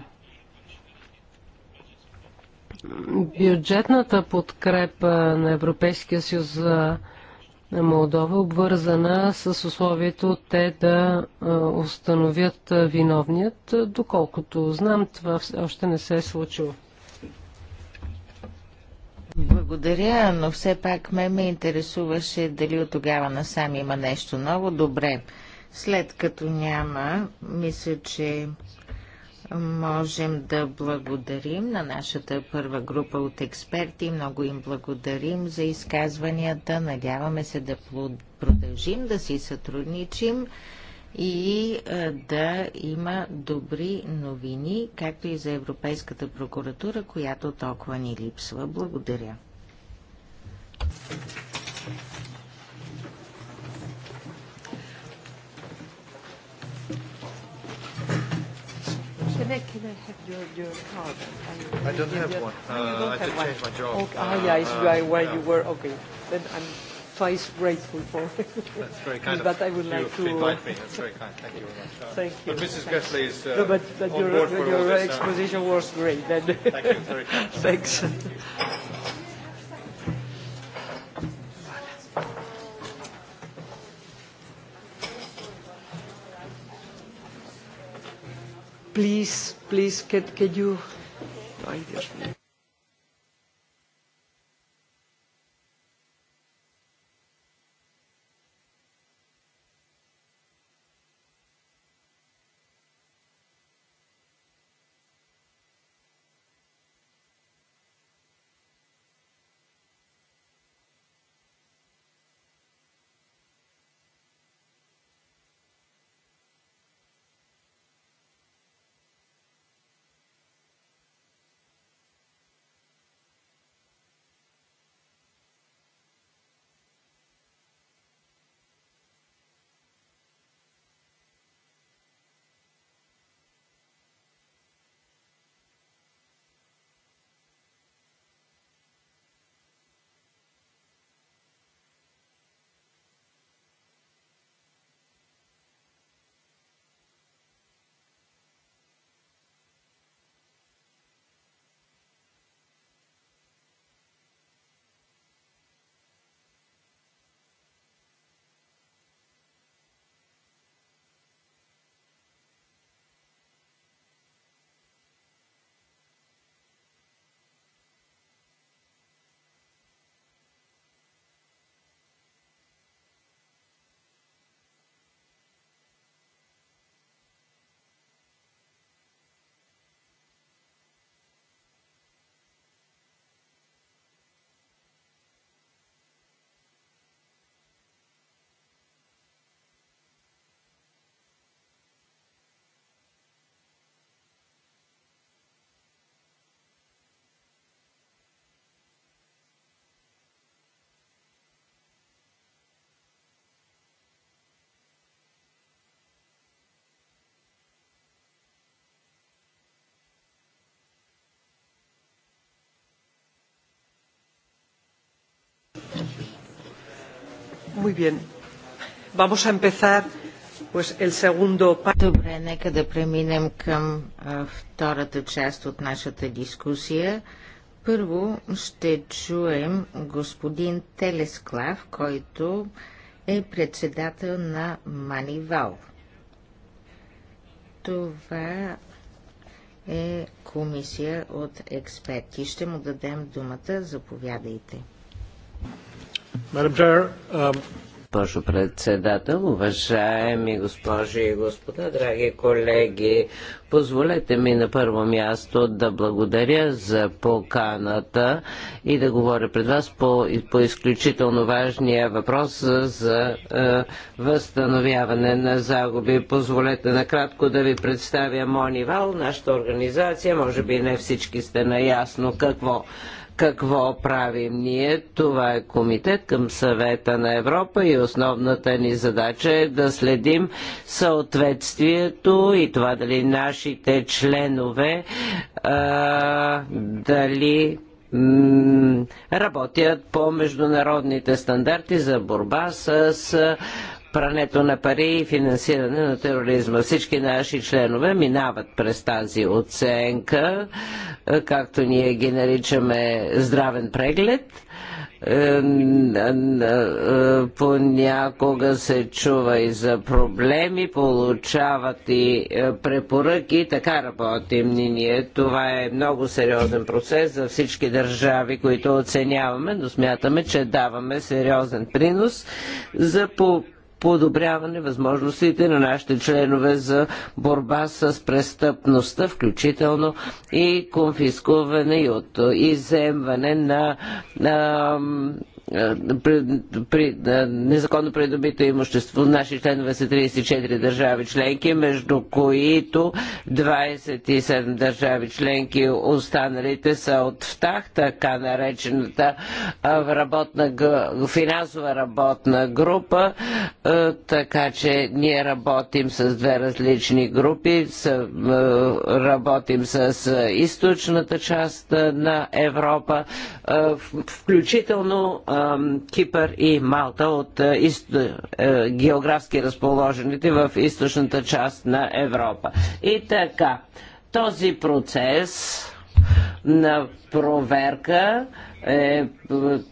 Бюджетната подкрепа на Европейския съюз за Молдова е обвързана с условието те да установят виновният. Доколкото знам, това още не се е случило. Благодаря, но все пак ме ме интересуваше дали от тогава насам има нещо ново. Добре, след като няма, мисля, че Можем да благодарим на нашата първа група от експерти. Много им благодарим за изказванията. Надяваме се да продължим да си сътрудничим и е, да има добри новини, както и за Европейската прокуратура, която толкова ни липсва. Благодаря. Can can I have your, your card? I, don't have your, one. Uh, you don't I have one. change my job. Okay. Ah, yeah, it's right where yeah. you were. Okay. Then I'm twice grateful for it. That's very kind but of I would you like to invite me. That's very kind. Thank you very much. Uh, Thank you. But Mrs. Gessler is uh, no, but, but on your, board for your all this, exposition uh, was great. Then. Thank you. Very kind. Thanks. Thank you. please, please, can, can you... Ay, Dios mío. Добре, нека да преминем към втората част от нашата дискусия. Първо ще чуем господин Телесклав, който е председател на Манивал. Това е комисия от експерти. Ще му дадем думата. Заповядайте. Madam Chair, um, госпожо председател, уважаеми госпожи и господа, драги колеги. Позволете ми на първо място да благодаря за поканата и да говоря пред вас по, по изключително важния въпрос за, за е, възстановяване на загуби. Позволете накратко да ви представя Монивал, нашата организация. Може би не всички сте наясно какво какво правим ние? Това е комитет към съвета на Европа и основната ни задача е да следим съответствието и това дали нашите членове а, дали работят по международните стандарти за борба с прането на пари и финансиране на тероризма. Всички наши членове минават през тази оценка, е, както ние ги наричаме здравен преглед е, е, понякога се чува и за проблеми, получават и препоръки, така работим ни ние. Това е много сериозен процес за всички държави, които оценяваме, но смятаме, че даваме сериозен принос за по подобряване възможностите на нашите членове за борба с престъпността, включително и конфискуване и от иземване на, на е, при, при е, незаконно придобито имущество. Наши членове са 34 държави членки, между които 27 държави членки. Останалите са от ВТАХ, така наречената е, работна, финансова работна група. Така че ние работим с две различни групи. Работим с източната част на Европа, включително Кипър и Малта от е, географски разположените в източната част на Европа. И така, този процес на проверка е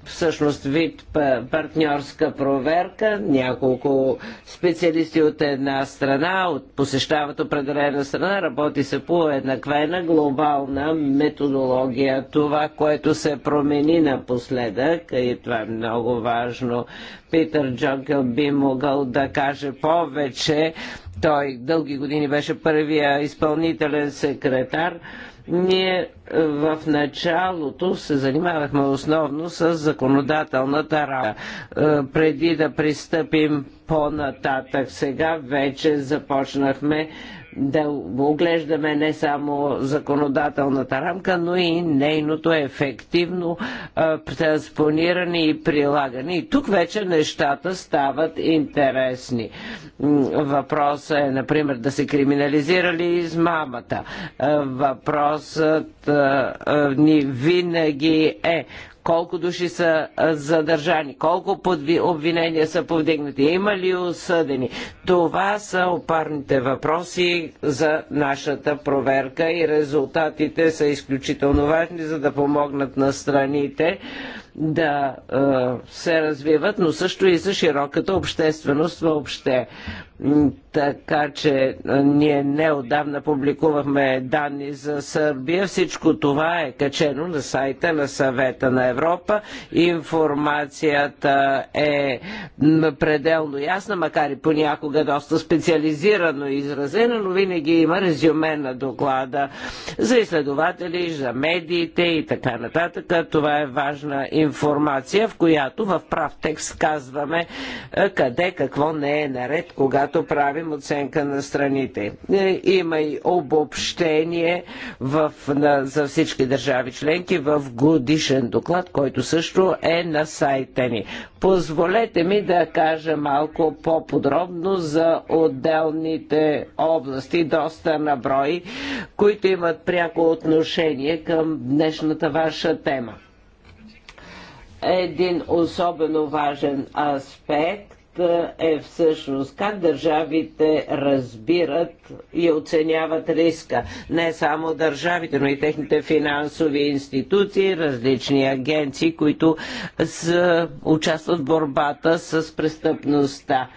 всъщност вид партньорска проверка. Няколко специалисти от една страна от посещават определена страна, работи се по еднаквена глобална методология. Това, което се промени напоследък, и това е много важно, Питър Джонкел би могъл да каже повече. Той дълги години беше първия изпълнителен секретар ние е, в началото се занимавахме основно с законодателната работа. Е, преди да пристъпим по-нататък, сега вече започнахме да оглеждаме не само законодателната рамка, но и нейното ефективно транспониране и прилагане. И тук вече нещата стават интересни. Въпросът е, например, да се криминализира ли измамата. Въпросът ни винаги е колко души са задържани, колко обвинения са повдигнати, има ли осъдени. Това са опарните въпроси за нашата проверка и резултатите са изключително важни, за да помогнат на страните да се развиват, но също и за широката общественост въобще. Така че ние неодавна публикувахме данни за Сърбия. Всичко това е качено на сайта на съвета на Европа. Информацията е пределно ясна, макар и понякога доста специализирано изразена, но винаги има резюме на доклада за изследователи, за медиите и така нататък. Това е важна информация информация, в която в прав текст казваме е, къде какво не е наред, когато правим оценка на страните. Е, има и обобщение в, на, за всички държави членки в годишен доклад, който също е на сайта ни. Позволете ми да кажа малко по-подробно за отделните области, доста на брои, които имат пряко отношение към днешната ваша тема. Един особено важен аспект е, е всъщност как държавите разбират и оценяват риска. Не само държавите, но и техните финансови институции, различни агенции, които участват в борбата с престъпността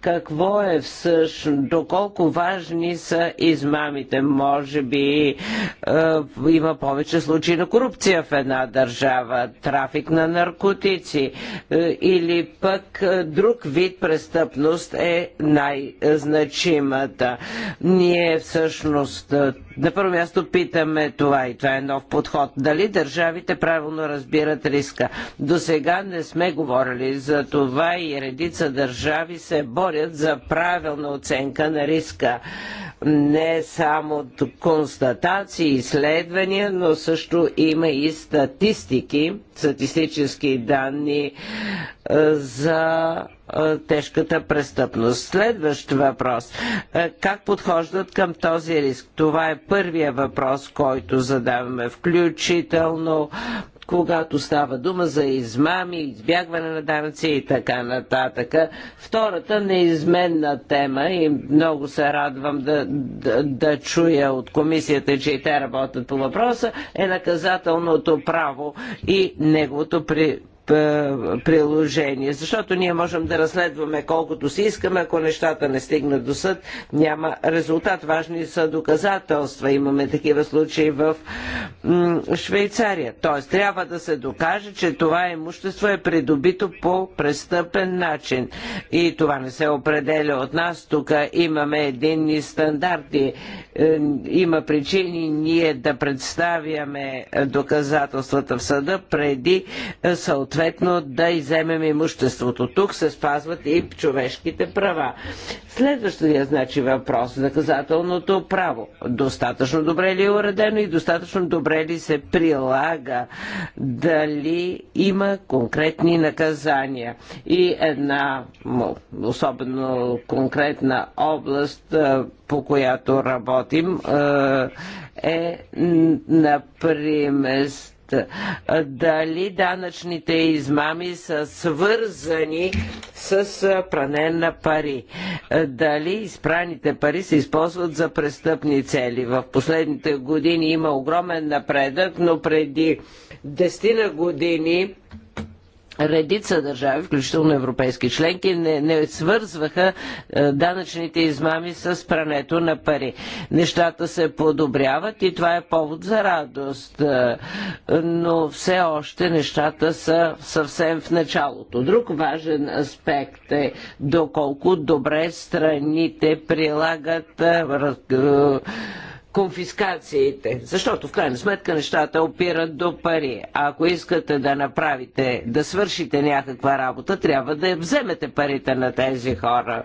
какво е всъщност, доколко важни са измамите. Може би е, има повече случаи на корупция в една държава, трафик на наркотици е, или пък е, друг вид престъпност е най-значимата. Ние всъщност е, на първо място питаме това и това е нов подход. Дали държавите правилно разбират риска? До сега не сме говорили за това и редица държави се борят говорят за правилна оценка на риска. Не само констатации, изследвания, но също има и статистики, статистически данни е, за е, тежката престъпност. Следващ въпрос. Е, как подхождат към този риск? Това е първия въпрос, който задаваме, включително когато става дума за измами, избягване на данъци и така нататък. Втората неизменна тема и много се радвам да, да, да чуя от комисията, че и те работят по въпроса, е наказателното право и неговото при е, приложение. Защото ние можем да разследваме колкото си искаме, ако нещата не стигнат до съд, няма резултат. Важни са доказателства. Имаме такива случаи в Швейцария. Т.е. трябва да се докаже, че това имущество е придобито по престъпен начин. И това не се определя от нас. Тук имаме единни стандарти. Е, има причини ние да представяме доказателствата в съда преди е, съответно съответно да иземем имуществото. Тук се спазват и човешките права. Следващия значи въпрос наказателното право. Достатъчно добре ли е уредено и достатъчно добре ли се прилага? Дали има конкретни наказания? И една особено конкретна област, по която работим, е, например, дали данъчните измами са свързани с пране на пари, дали изпраните пари се използват за престъпни цели. В последните години има огромен напредък, но преди 10 години редица държави, включително европейски членки, не, не свързваха е, данъчните измами с прането на пари. Нещата се подобряват и това е повод за радост, е, но все още нещата са съвсем в началото. Друг важен аспект е доколко добре страните прилагат е, е конфискациите, защото в крайна сметка нещата опират до пари. А ако искате да направите, да свършите някаква работа, трябва да вземете парите на тези хора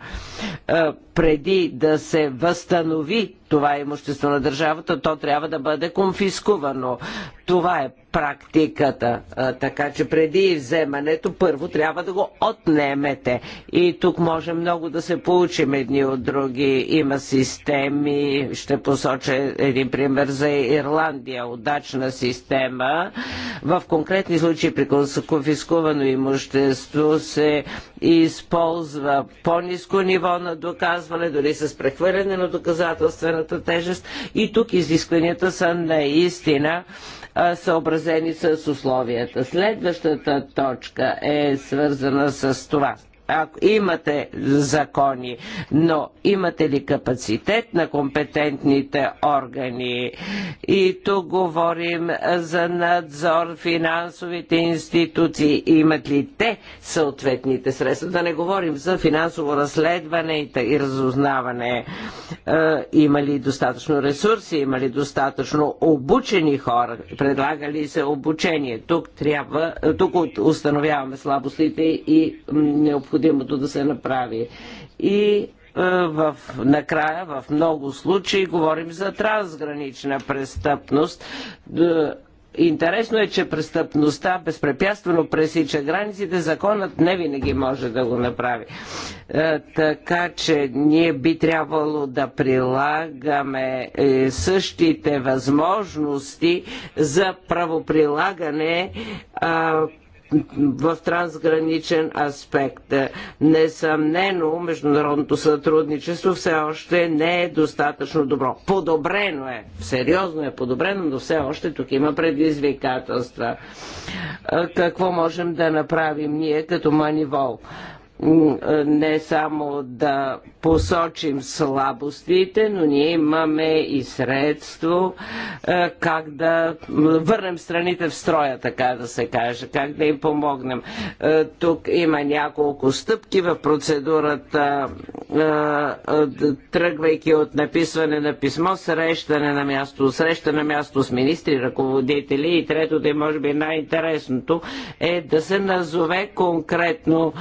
преди да се възстанови това имущество на държавата, то трябва да бъде конфискувано. Това е практиката. Така че преди вземането, първо трябва да го отнемете. И тук може много да се получим едни от други. Има системи, ще посоча един пример за Ирландия, удачна система. В конкретни случаи при конфискувано имущество се използва по-низко ниво на доказване, дори с прехвърляне на доказателствена данъчната тежест и тук изискванията са наистина съобразени с условията. Следващата точка е свързана с това ако имате закони, но имате ли капацитет на компетентните органи? И тук говорим за надзор, финансовите институции, имат ли те съответните средства? Да не говорим за финансово разследване и разузнаване. Е, има ли достатъчно ресурси, има ли достатъчно обучени хора, предлага ли се обучение? Тук трябва, е, тук установяваме слабостите и необходимостите необходимото да се направи. И в, накрая в много случаи говорим за трансгранична престъпност. Интересно е, че престъпността безпрепятствено пресича границите, законът не винаги може да го направи. Е, така че ние би трябвало да прилагаме е, същите възможности за правоприлагане в трансграничен аспект. Несъмнено, международното сътрудничество все още не е достатъчно добро. Подобрено е, сериозно е подобрено, но все още тук има предизвикателства. Какво можем да направим ние като манивол? не само да посочим слабостите, но ние имаме и средство как да върнем страните в строя, така да се каже, как да им помогнем. Тук има няколко стъпки в процедурата, тръгвайки от написване на писмо, срещане на място, срещане на място с министри, ръководители и третото и може би най-интересното е да се назове конкретно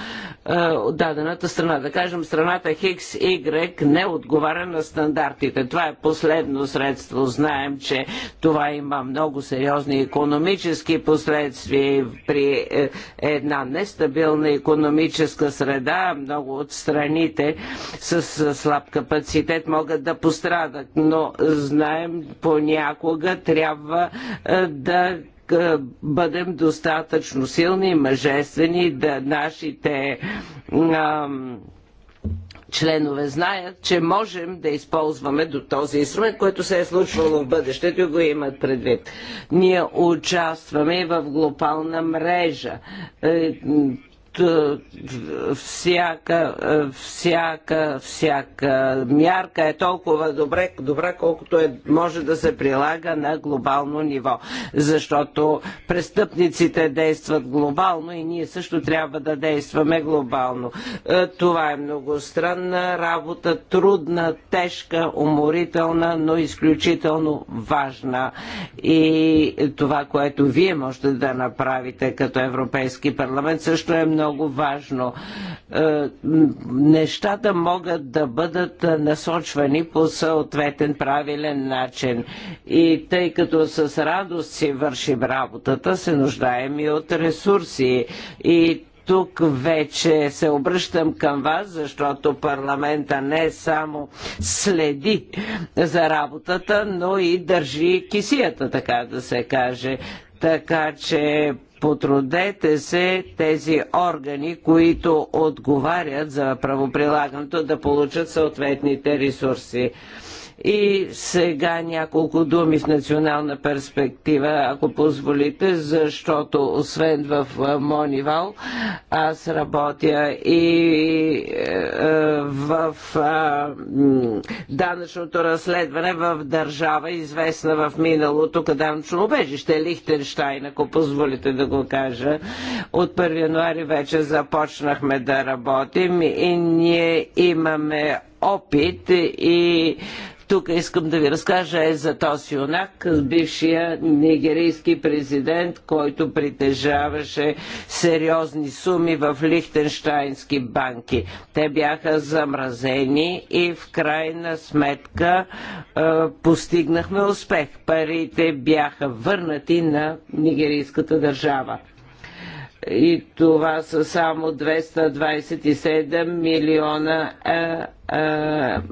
дадената страна. Да кажем, страната Хикс Y не отговаря на стандартите. Това е последно средство. Знаем, че това има много сериозни економически последствия при е, една нестабилна економическа среда. Много от страните с слаб капацитет могат да пострадат, но знаем понякога трябва е, да е, бъдем достатъчно силни и мъжествени, да нашите ам, членове знаят, че можем да използваме до този инструмент, който се е случвало в бъдещето и го имат предвид. Ние участваме в глобална мрежа. Е, е, всяка, е, всяка, всяка мярка е толкова добре, добра, колкото е, може да се прилага на глобално ниво. Защото престъпниците действат глобално и ние също трябва да действаме глобално. Е, това е много странна работа, трудна, тежка, уморителна, но изключително важна. И това, което вие можете да направите като Европейски парламент, също е много много важно. Е, нещата могат да бъдат насочвани по съответен правилен начин. И тъй като с радост си вършим работата, се нуждаем и от ресурси. И тук вече се обръщам към вас, защото парламента не само следи за работата, но и държи кисията, така да се каже. Така че Потрудете се тези органи, които отговарят за правоприлагането, да получат съответните ресурси. И сега няколко думи в национална перспектива, ако позволите, защото освен в Монивал, аз работя и е, в данъчното разследване в държава, известна в миналото, данъчно убежище, Лихтенштайн, ако позволите да го кажа. От 1 януари вече започнахме да работим и ние имаме опит и тук искам да ви разкажа е за този юнак, бившия нигерийски президент, който притежаваше сериозни суми в лихтенштайнски банки. Те бяха замразени и в крайна сметка е, постигнахме успех. Парите бяха върнати на нигерийската държава и това са само 227 милиона а, а,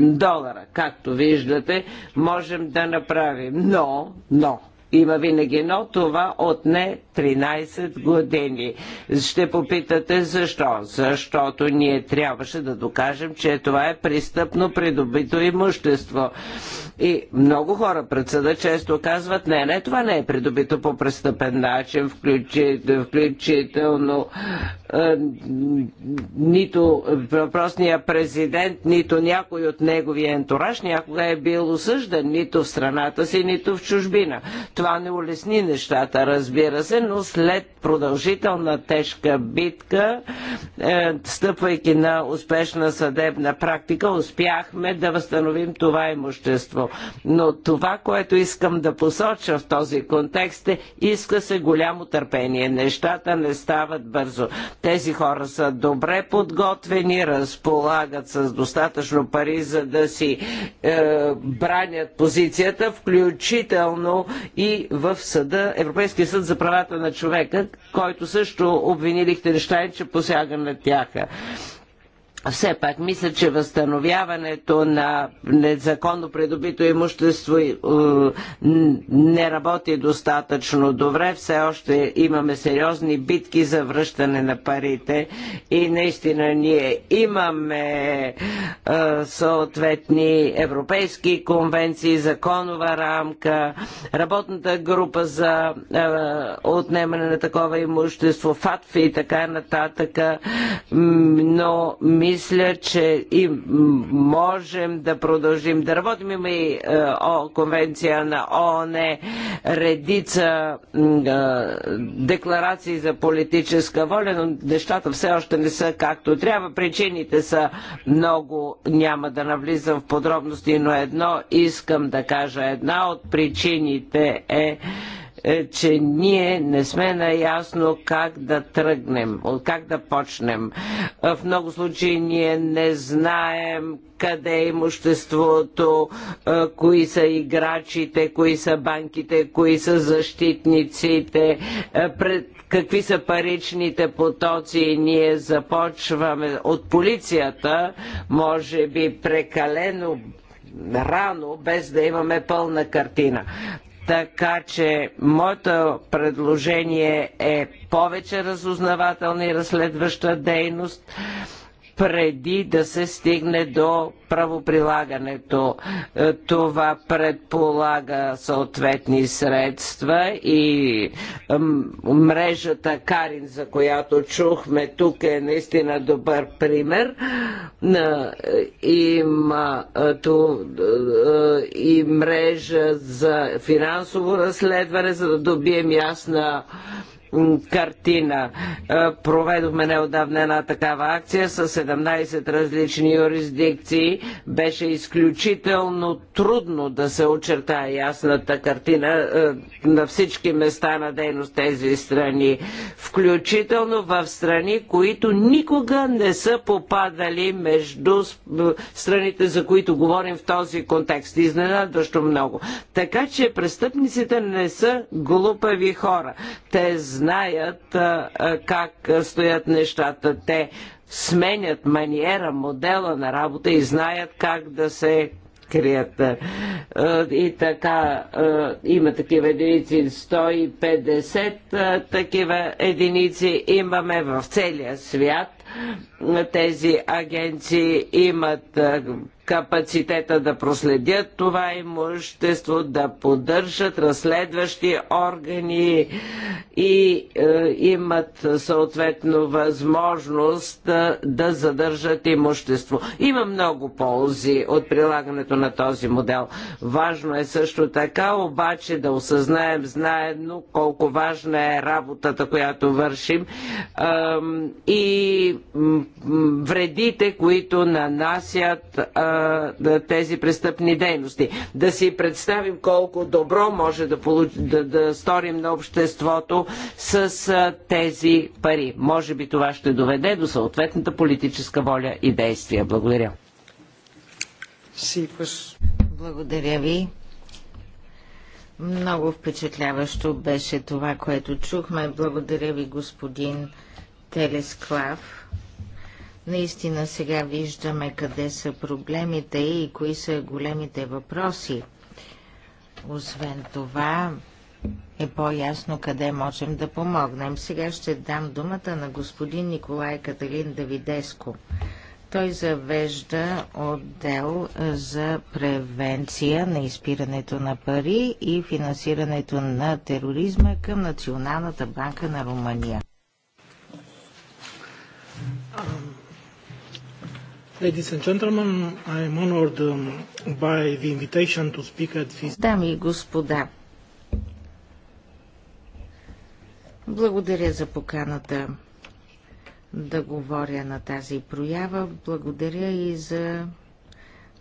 долара. Както виждате, можем да направим. Но, но, има винаги, но това отне 13 години. Ще попитате защо? Защото ние трябваше да докажем, че това е престъпно придобито имущество. И много хора пред съда често казват, не, не, това не е придобито по престъпен начин, включително, включително е, нито въпросния президент, нито някой от неговия ентураж някога е бил осъждан, нито в страната си, нито в чужбина. Това не улесни нещата, разбира се, но след продължителна тежка битка, е, стъпвайки на успешна съдебна практика, успяхме да възстановим това имущество. Но това, което искам да посоча в този контекст е, иска се голямо търпение. Нещата не стават бързо. Тези хора са добре подготвени, разполагат с достатъчно пари, за да си е, бранят позицията, включително и в съда, Европейския съд за правата на човека, който също обвини Лихтенштайн, че посяга на тяха все пак мисля, че възстановяването на незаконно придобито имущество е, не работи достатъчно добре. Все още имаме сериозни битки за връщане на парите и наистина ние имаме е, съответни европейски конвенции, законова рамка, работната група за е, отнемане на такова имущество, ФАТФИ и така нататък, но ми мисля, че и можем да продължим да работим. Има и е, о, конвенция на ООН, редица е, декларации за политическа воля, но нещата все още не са както трябва. Причините са много, няма да навлизам в подробности, но едно искам да кажа. Една от причините е е, че ние не сме наясно как да тръгнем, как да почнем. В много случаи ние не знаем къде е имуществото, е, кои са играчите, кои са банките, кои са защитниците, е, пред какви са паричните потоци и ние започваме от полицията, може би прекалено рано, без да имаме пълна картина. Така че моето предложение е повече разузнавателна и разследваща дейност преди да се стигне до правоприлагането. Е, това предполага съответни средства и мрежата Карин, за която чухме тук е наистина добър пример. Е, има е, и мрежа за финансово разследване, за да добием ясна картина. Е, проведохме неодавна една такава акция с 17 различни юрисдикции. Беше изключително трудно да се очертая ясната картина е, на всички места на дейност тези страни, включително в страни, които никога не са попадали между е, страните, за които говорим в този контекст. Изненадващо много. Така че престъпниците не са глупави хора. Те знаят знаят как стоят нещата. Те сменят маниера, модела на работа и знаят как да се крият. И така, има такива единици, 150 такива единици имаме в целия свят. Тези агенции имат капацитета да проследят това имущество, да поддържат разследващи органи и е, имат съответно възможност да, е, да задържат имущество. Има много ползи от прилагането на този модел. Важно е също така обаче да осъзнаем знаедно колко важна е работата, която вършим е, и вредите, които нанасят е, тези престъпни дейности. Да си представим колко добро може да, получ... да, да сторим на обществото с а, тези пари. Може би това ще доведе до съответната политическа воля и действия. Благодаря. Благодаря ви. Много впечатляващо беше това, което чухме. Благодаря ви, господин Телесклав. Наистина сега виждаме къде са проблемите и кои са големите въпроси. Освен това, е по-ясно къде можем да помогнем. Сега ще дам думата на господин Николай Каталин Давидеско. Той завежда отдел за превенция на изпирането на пари и финансирането на тероризма към Националната банка на Румъния. Ladies and gentlemen, I am honored um, by the invitation to speak at this... Дами и господа, благодаря за поканата да говоря на тази проява. Благодаря и за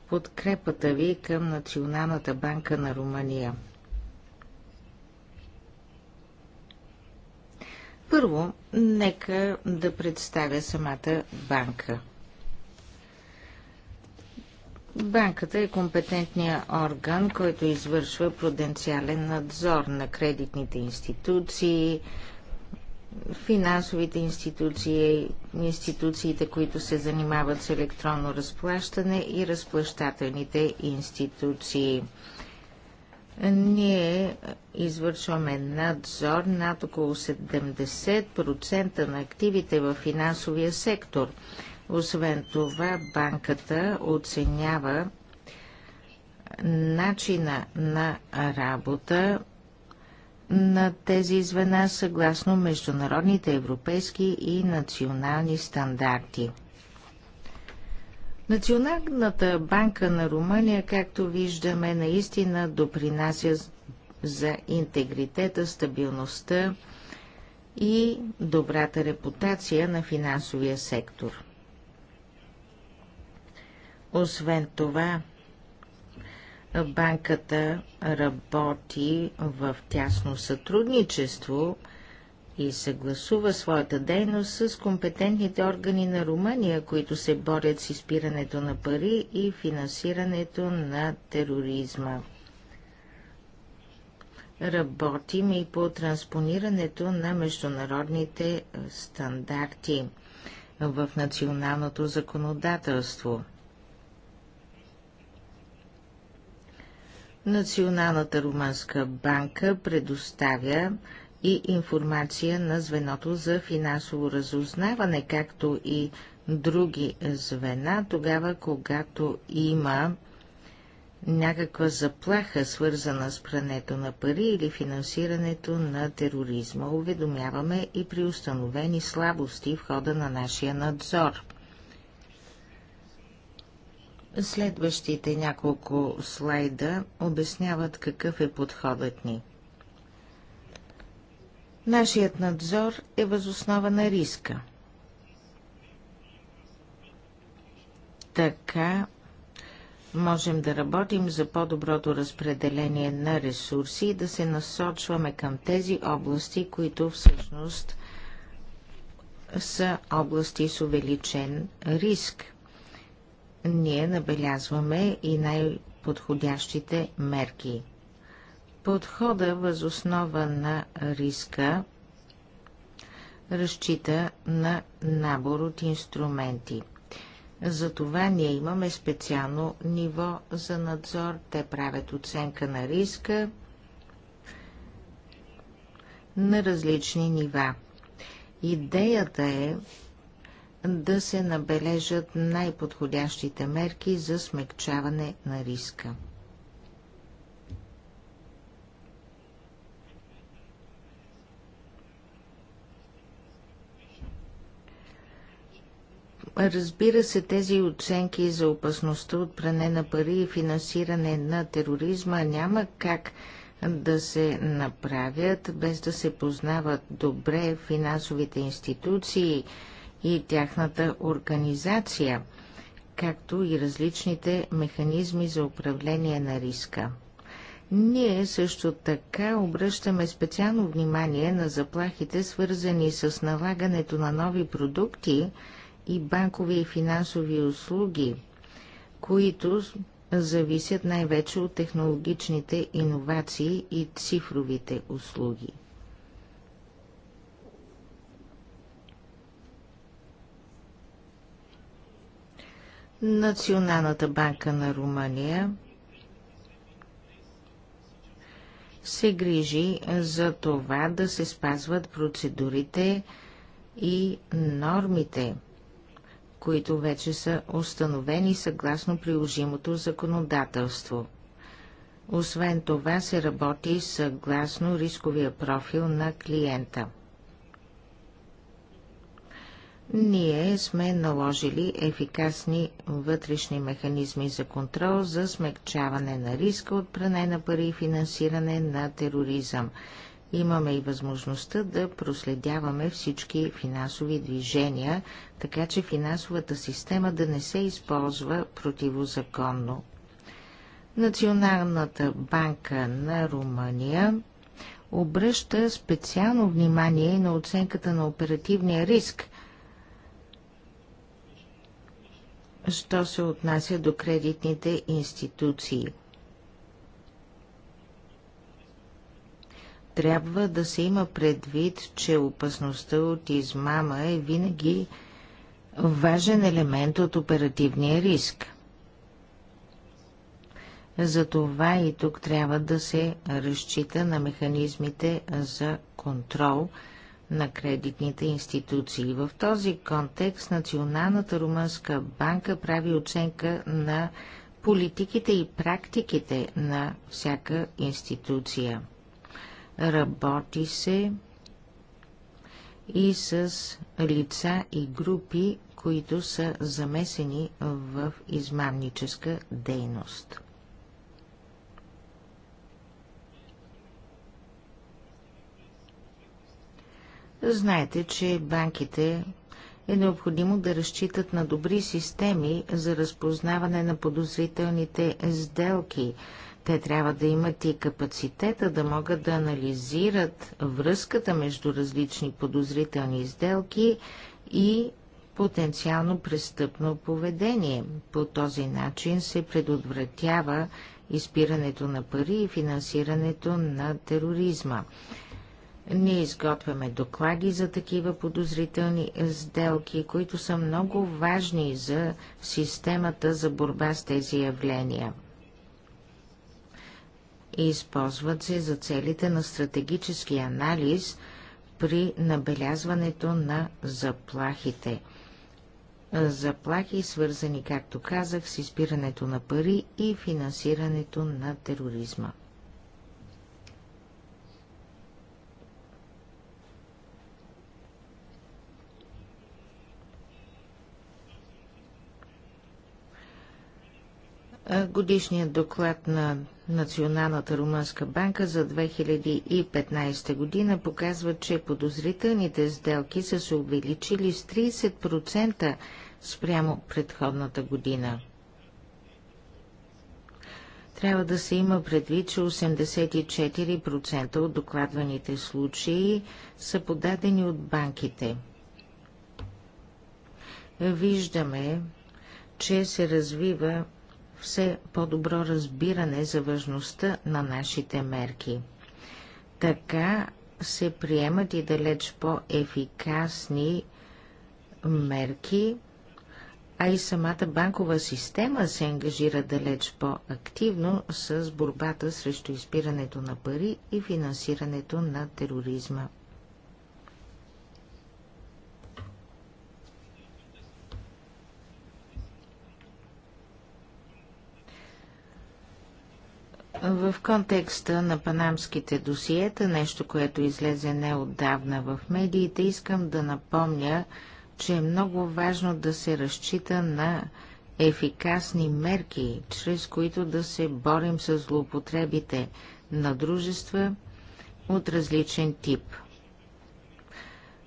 подкрепата ви към Националната банка на Румъния. Първо, нека да представя самата банка – Банката е компетентният орган, който извършва пруденциален надзор на кредитните институции, финансовите институции, институциите, които се занимават с електронно разплащане и разплащателните институции. Ние извършваме надзор над около 70% на активите в финансовия сектор – освен това, банката оценява начина на работа на тези звена съгласно международните европейски и национални стандарти. Националната банка на Румъния, както виждаме, наистина допринася за интегритета, стабилността и добрата репутация на финансовия сектор. Освен това, банката работи в тясно сътрудничество и съгласува своята дейност с компетентните органи на Румъния, които се борят с изпирането на пари и финансирането на тероризма. Работим и по транспонирането на международните стандарти в националното законодателство. Националната румънска банка предоставя и информация на звеното за финансово разузнаване, както и други звена, тогава когато има някаква заплаха, свързана с прането на пари или финансирането на тероризма. Уведомяваме и при установени слабости в хода на нашия надзор. Следващите няколко слайда обясняват какъв е подходът ни. Нашият надзор е възоснова на риска. Така можем да работим за по-доброто разпределение на ресурси и да се насочваме към тези области, които всъщност са области с увеличен риск ние набелязваме и най-подходящите мерки. Подхода възоснова на риска разчита на набор от инструменти. Затова ние имаме специално ниво за надзор. Те правят оценка на риска на различни нива. Идеята е да се набележат най-подходящите мерки за смягчаване на риска. Разбира се, тези оценки за опасността от пране на пари и финансиране на тероризма няма как да се направят без да се познават добре финансовите институции, и тяхната организация, както и различните механизми за управление на риска. Ние също така обръщаме специално внимание на заплахите, свързани с налагането на нови продукти и банкови и финансови услуги, които зависят най-вече от технологичните иновации и цифровите услуги. Националната банка на Румъния се грижи за това да се спазват процедурите и нормите, които вече са установени съгласно приложимото законодателство. Освен това се работи съгласно рисковия профил на клиента – ние сме наложили ефикасни вътрешни механизми за контрол за смягчаване на риска от пране на пари и финансиране на тероризъм. Имаме и възможността да проследяваме всички финансови движения, така че финансовата система да не се използва противозаконно. Националната банка на Румъния обръща специално внимание на оценката на оперативния риск що се отнася до кредитните институции. Трябва да се има предвид, че опасността от измама е винаги важен елемент от оперативния риск. Затова и тук трябва да се разчита на механизмите за контрол – на кредитните институции. В този контекст Националната румънска банка прави оценка на политиките и практиките на всяка институция. Работи се и с лица и групи, които са замесени в измамническа дейност. Знаете, че банките е необходимо да разчитат на добри системи за разпознаване на подозрителните сделки. Те трябва да имат и капацитета да могат да анализират връзката между различни подозрителни сделки и потенциално престъпно поведение. По този начин се предотвратява изпирането на пари и финансирането на тероризма. Ние изготвяме доклади за такива подозрителни сделки, които са много важни за системата за борба с тези явления. И използват се за целите на стратегически анализ при набелязването на заплахите. Заплахи, свързани, както казах, с изпирането на пари и финансирането на тероризма. годишният доклад на Националната румънска банка за 2015 година показва, че подозрителните сделки са се увеличили с 30% спрямо предходната година. Трябва да се има предвид, че 84% от докладваните случаи са подадени от банките. Виждаме, че се развива все по-добро разбиране за важността на нашите мерки. Така се приемат и далеч по-ефикасни мерки, а и самата банкова система се ангажира далеч по-активно с борбата срещу изпирането на пари и финансирането на тероризма. В контекста на панамските досиета, нещо, което излезе неотдавна в медиите, искам да напомня, че е много важно да се разчита на ефикасни мерки, чрез които да се борим с злоупотребите на дружества от различен тип.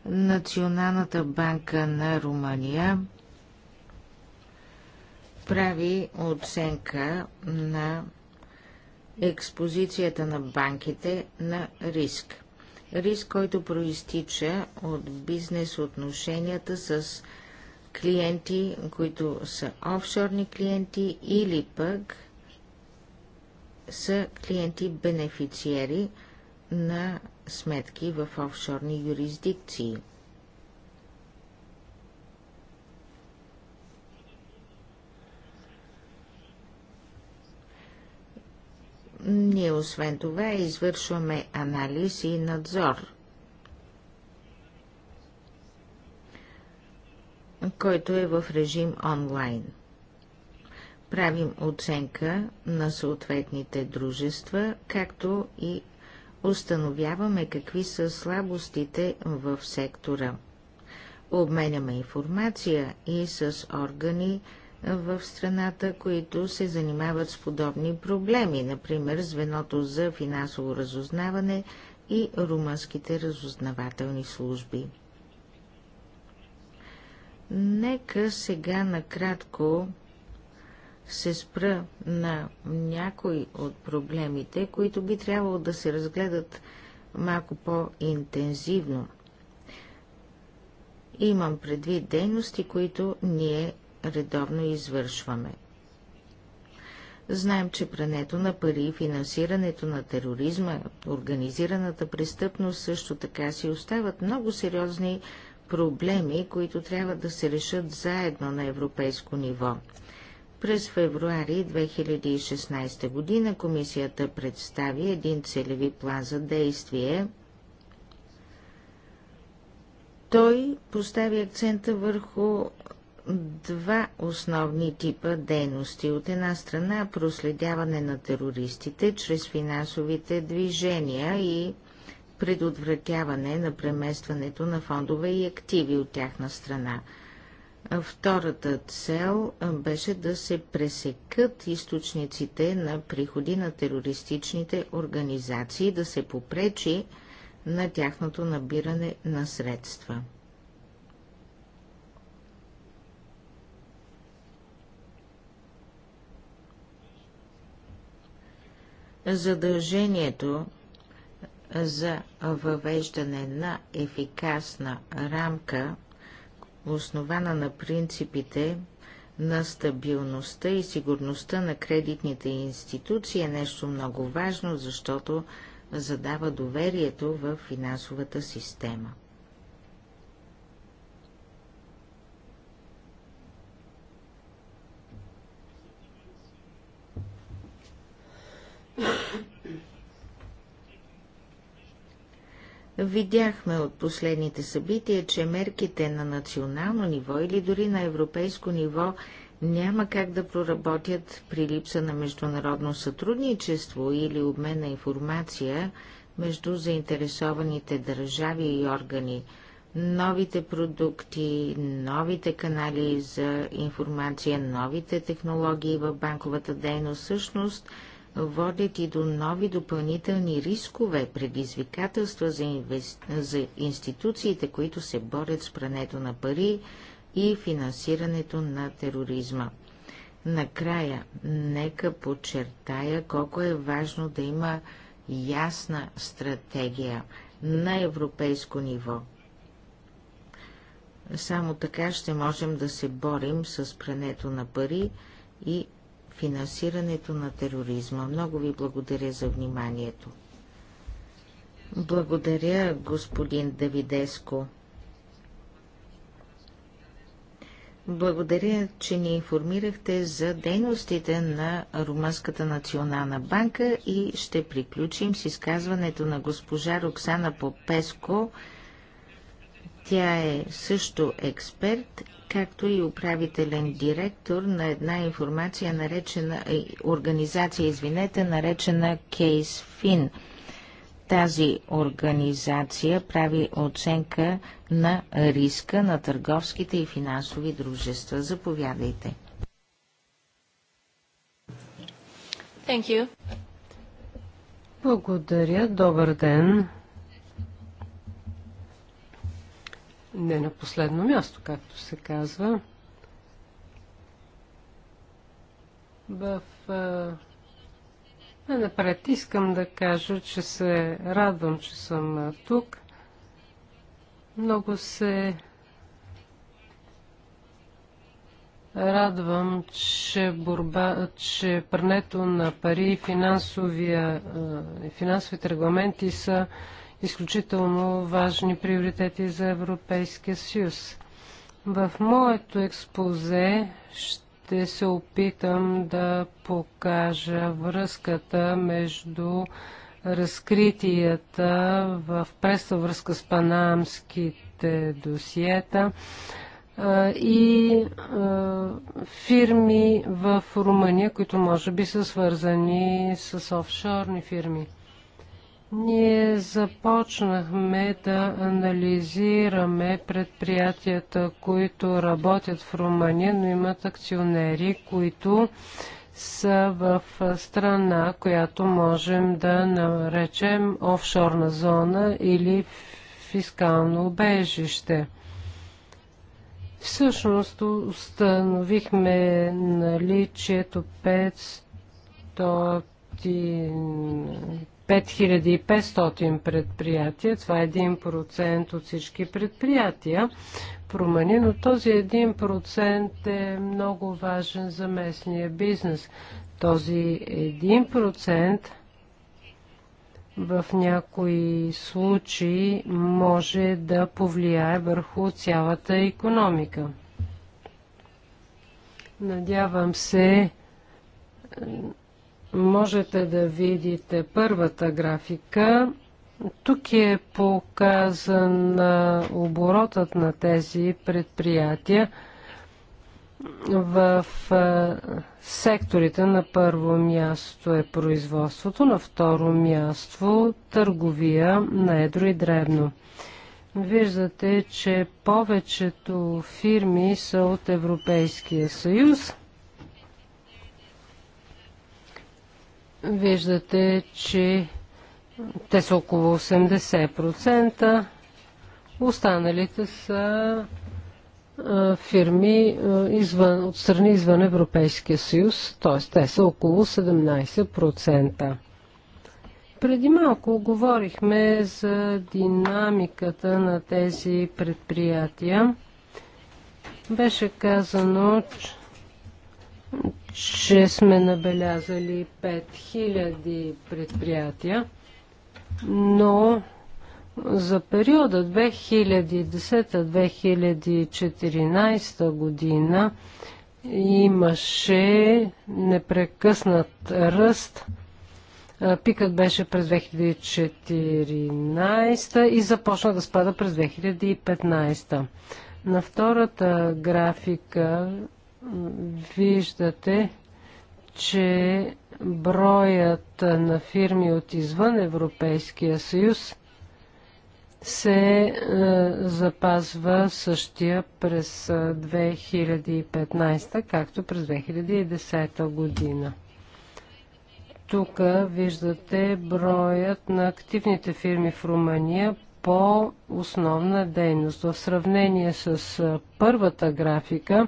Националната банка на Румъния прави оценка на експозицията на банките на риск. Риск, който проистича от бизнес отношенията с клиенти, които са офшорни клиенти или пък са клиенти-бенефициери на сметки в офшорни юрисдикции – Ние освен това извършваме анализ и надзор, който е в режим онлайн. Правим оценка на съответните дружества, както и установяваме какви са слабостите в сектора. Обменяме информация и с органи, в страната, които се занимават с подобни проблеми, например звеното за финансово разузнаване и румънските разузнавателни служби. Нека сега накратко се спра на някои от проблемите, които би трябвало да се разгледат малко по-интензивно. Имам предвид дейности, които ние редовно извършваме. Знаем, че прането на пари и финансирането на тероризма, организираната престъпност също така си остават много сериозни проблеми, които трябва да се решат заедно на европейско ниво. През февруари 2016 година комисията представи един целеви план за действие. Той постави акцента върху два основни типа дейности. От една страна проследяване на терористите чрез финансовите движения и предотвратяване на преместването на фондове и активи от тяхна страна. Втората цел беше да се пресекат източниците на приходи на терористичните организации, да се попречи на тяхното набиране на средства. Задължението за въвеждане на ефикасна рамка, основана на принципите на стабилността и сигурността на кредитните институции е нещо много важно, защото задава доверието в финансовата система. Видяхме от последните събития, че мерките на национално ниво или дори на европейско ниво няма как да проработят при липса на международно сътрудничество или обмен на информация между заинтересованите държави и органи. Новите продукти, новите канали за информация, новите технологии в банковата дейност всъщност – водят и до нови допълнителни рискове, предизвикателства за, инвес... за институциите, които се борят с прането на пари и финансирането на тероризма. Накрая, нека подчертая колко е важно да има ясна стратегия на европейско ниво. Само така ще можем да се борим с прането на пари и финансирането на тероризма. Много ви благодаря за вниманието. Благодаря, господин Давидеско. Благодаря, че ни информирахте за дейностите на Румънската национална банка и ще приключим с изказването на госпожа Роксана Попеско. Тя е също експерт както и управителен директор на една информация наречена, е, организация, извинете, наречена ФИН. Тази организация прави оценка на риска на търговските и финансови дружества. Заповядайте. Thank you. Благодаря. Добър ден. не на последно място, както се казва. В Напред искам да кажа, че се радвам, че съм тук. Много се радвам, че, борба, че прането на пари и финансовите регламенти са изключително важни приоритети за Европейския съюз. В моето експозе ще се опитам да покажа връзката между разкритията в пресна връзка с панамските досиета и фирми в Румъния, които може би са свързани с офшорни фирми. Ние започнахме да анализираме предприятията, които работят в Румъния, но имат акционери, които са в страна, която можем да наречем офшорна зона или фискално обежище. Всъщност установихме наличието 500 5500 предприятия. Това е 1% от всички предприятия промени, но този 1% е много важен за местния бизнес. Този 1% в някои случаи може да повлияе върху цялата економика. Надявам се можете да видите първата графика. Тук е показан оборотът на тези предприятия в секторите. На първо място е производството, на второ място търговия на едро и дребно. Виждате, че повечето фирми са от Европейския съюз Виждате, че те са около 80%. Останалите са фирми извън, от страни извън Европейския съюз, т.е. те са около 17%. Преди малко говорихме за динамиката на тези предприятия. Беше казано, че че сме набелязали 5000 предприятия, но за периода 2010-2014 година имаше непрекъснат ръст. Пикът беше през 2014 и започна да спада през 2015. На втората графика виждате, че броят на фирми от извън Европейския съюз се е, запазва същия през 2015, е, както през 2010 година. Тук виждате броят на активните фирми в Румъния по основна дейност. В сравнение с е, първата графика,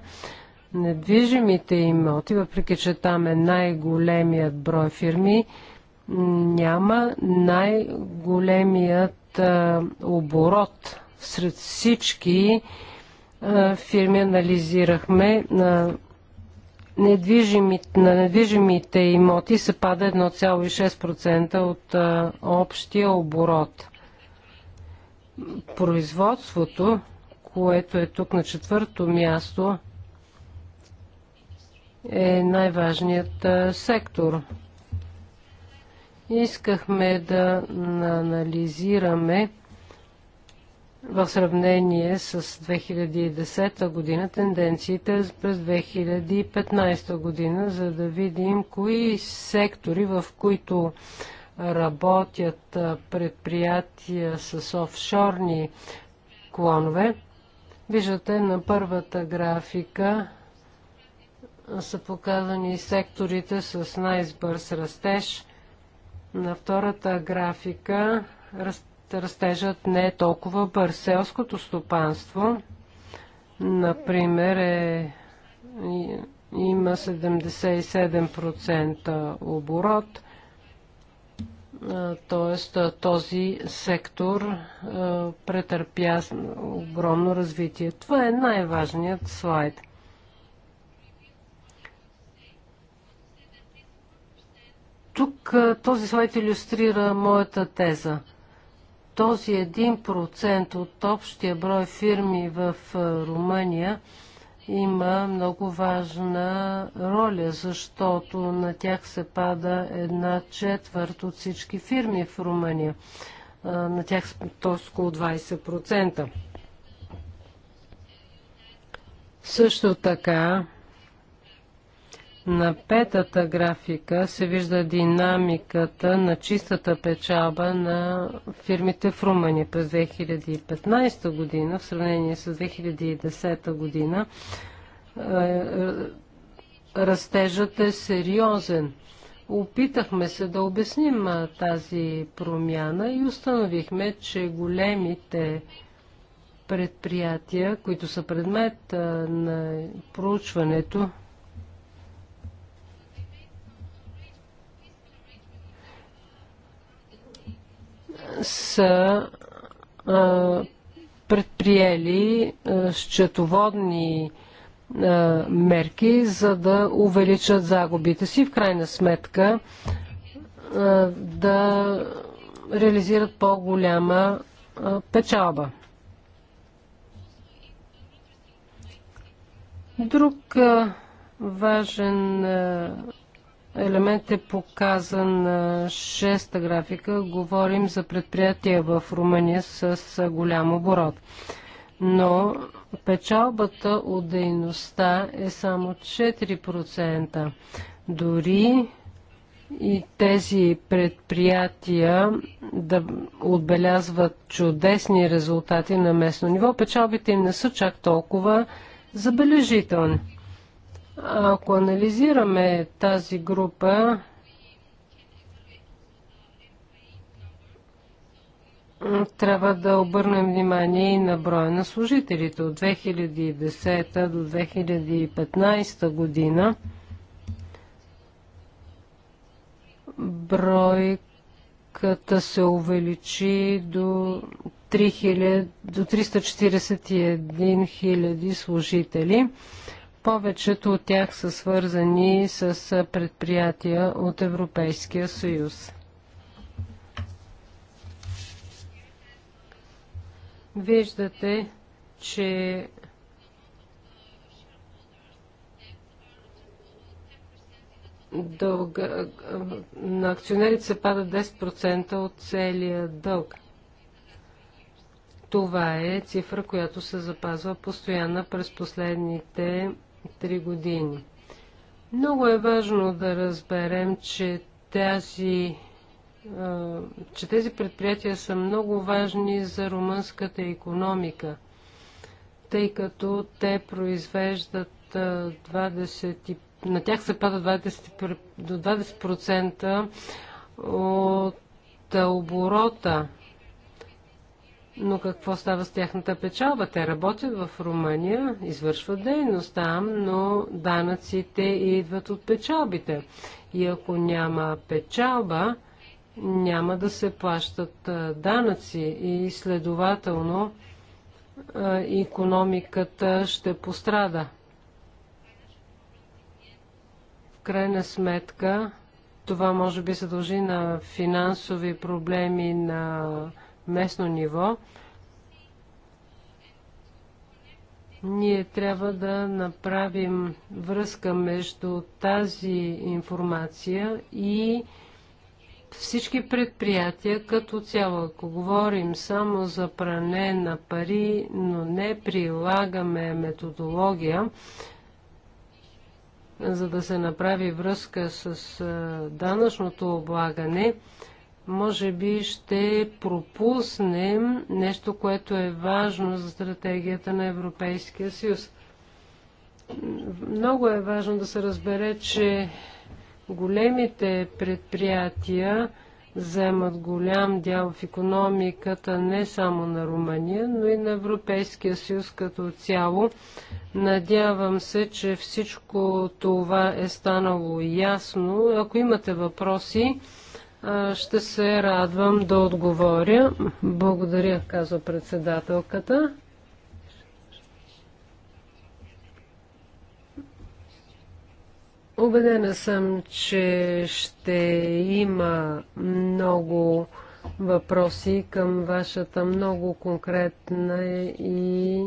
недвижимите имоти, въпреки че там е най-големият брой фирми, няма най-големият оборот сред всички фирми. Анализирахме на недвижимите, на недвижимите имоти се пада 1,6% от общия оборот. Производството, което е тук на четвърто място, е най-важният сектор. Искахме да анализираме в сравнение с 2010 година тенденциите през 2015 година, за да видим кои сектори, в които работят предприятия с офшорни клонове. Виждате на първата графика са показани секторите с най-бърз растеж. На втората графика растежът не е толкова бърз. Селското стопанство, например, е, има 77% оборот, т.е. този сектор претърпя огромно развитие. Това е най-важният слайд. Тук този слайд иллюстрира моята теза. Този 1% от общия брой фирми в Румъния има много важна роля, защото на тях се пада една четвърт от всички фирми в Румъния. На тях т.е. около 20%. Също така на петата графика се вижда динамиката на чистата печалба на фирмите в Румъния през 2015 година в сравнение с 2010 година. Е, е, растежът е сериозен. Опитахме се да обясним тази промяна и установихме, че големите предприятия, които са предмет на проучването, са а, предприели а, счетоводни а, мерки, за да увеличат загубите си, в крайна сметка да реализират по-голяма печалба. Друг важен елемент е показан на шеста графика. Говорим за предприятия в Румъния с голям оборот. Но печалбата от дейността е само 4%. Дори и тези предприятия да отбелязват чудесни резултати на местно ниво, печалбите им не са чак толкова забележителни. Ако анализираме тази група, трябва да обърнем внимание и на броя на служителите. От 2010 до 2015 година бройката се увеличи до, 3000, до 341 000 служители. Повечето от тях са свързани с предприятия от Европейския съюз. Виждате, че дълга, на акционерите се пада 10% от целия дълг. Това е цифра, която се запазва постоянно през последните 3 години. Много е важно да разберем, че тази че тези предприятия са много важни за румънската економика, тъй като те произвеждат 20, на тях се пада 20, до 20% от оборота но какво става с тяхната печалба? Те работят в Румъния, извършват дейност там, но данъците идват от печалбите. И ако няма печалба, няма да се плащат данъци и следователно економиката ще пострада. В крайна сметка, това може би се дължи на финансови проблеми на местно ниво, ние трябва да направим връзка между тази информация и всички предприятия като цяло. Ако говорим само за пране на пари, но не прилагаме методология, за да се направи връзка с данъчното облагане, може би ще пропуснем нещо, което е важно за стратегията на Европейския съюз. Много е важно да се разбере, че големите предприятия вземат голям дял в економиката не само на Румъния, но и на Европейския съюз като цяло. Надявам се, че всичко това е станало ясно. Ако имате въпроси, ще се радвам да отговоря. Благодаря, казва председателката. Обедена съм, че ще има много въпроси към вашата много конкретна и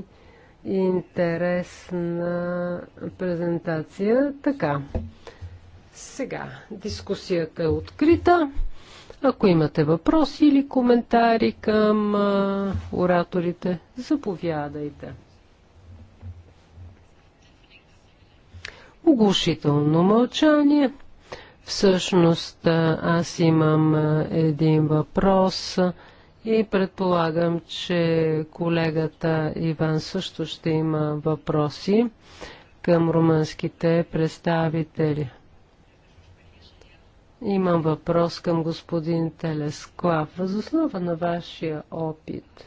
интересна презентация. Така, сега дискусията е открита. Ако имате въпроси или коментари към а, ораторите, заповядайте. Оглушително мълчание. Всъщност аз имам един въпрос и предполагам, че колегата Иван също ще има въпроси към румънските представители. Имам въпрос към господин Телесклав. Възоснова на вашия опит,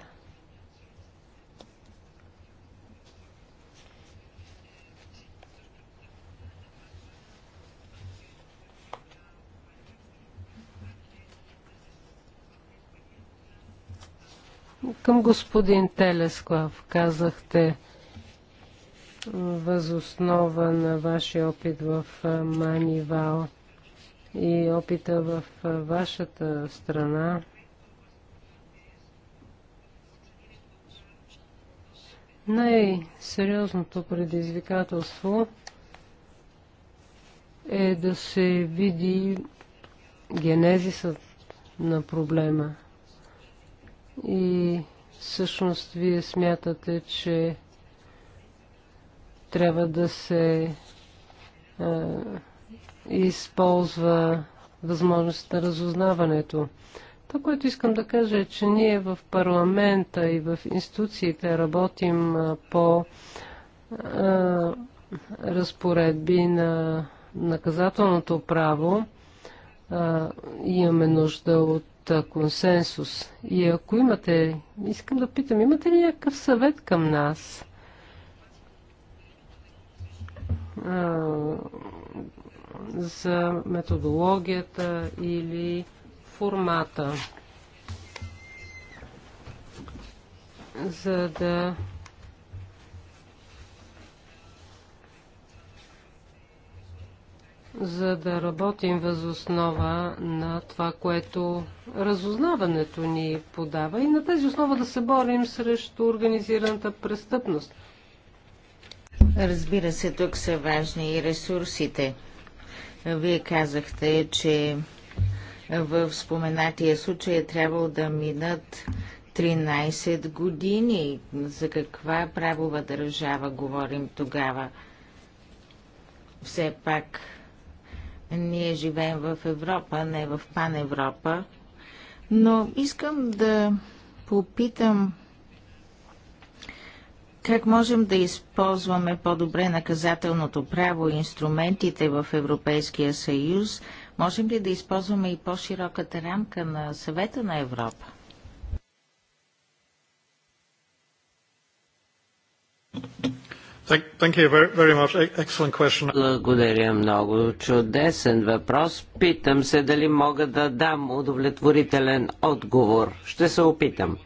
Към господин Телесклав казахте възоснова на вашия опит в Манивал – и опита в вашата страна. Най-сериозното предизвикателство е да се види генезисът на проблема. И всъщност вие смятате, че трябва да се а, използва възможността на разузнаването. Това, което искам да кажа е, че ние в парламента и в институциите работим по а, разпоредби на наказателното право. А, имаме нужда от консенсус. И ако имате, искам да питам, имате ли някакъв съвет към нас? А, за методологията или формата, за да за да работим възоснова на това, което разузнаването ни подава и на тази основа да се борим срещу организираната престъпност. Разбира се, тук са важни и ресурсите. Вие казахте, че в споменатия случай е трябвало да минат 13 години. За каква правова държава говорим тогава? Все пак ние живеем в Европа, не в Пан Европа. Но искам да попитам как можем да използваме по-добре наказателното право и инструментите в Европейския съюз? Можем ли да използваме и по-широката рамка на съвета на Европа? E, Благодаря много. Чудесен въпрос. Питам се дали мога да дам удовлетворителен отговор. Ще се опитам. Uh,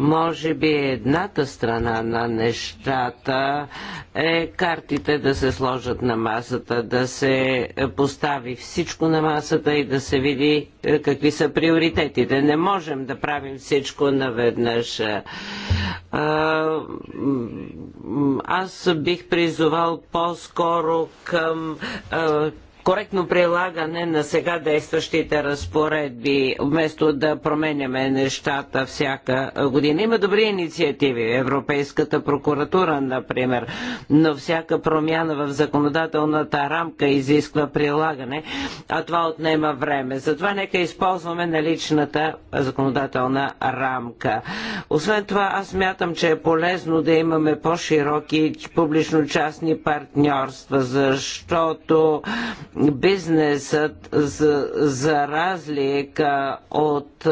може би едната страна на нещата е картите да се сложат на масата, да се постави всичко на масата и да се види е, какви са приоритетите. Не можем да правим всичко наведнъж. Е, аз бих призовал по-скоро към е, коректно прилагане на сега действащите разпоредби, вместо да променяме нещата всяка година. Има добри инициативи, Европейската прокуратура, например, но всяка промяна в законодателната рамка изисква прилагане, а това отнема време. Затова нека използваме наличната законодателна рамка. Освен това, аз мятам, че е полезно да имаме по-широки публично-частни партньорства, защото Бизнесът за, за разлика от е,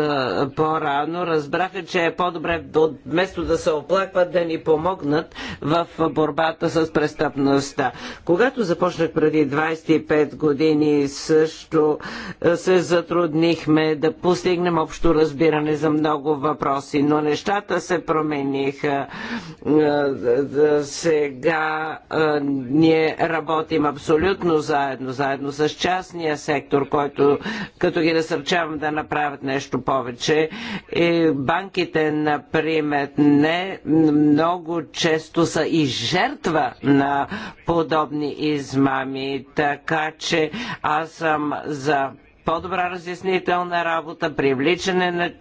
по-рано разбраха, че е по-добре вместо да се оплакват да ни помогнат в борбата с престъпността. Когато започнах преди 25 години също е, се затруднихме да постигнем общо разбиране за много въпроси, но нещата се промениха. Е, сега ние работим абсолютно заедно, заедно заедно с частния сектор, който като ги насърчавам да направят нещо повече. И банките, например, не много често са и жертва на подобни измами, така че аз съм за по-добра разяснителна работа, привличане на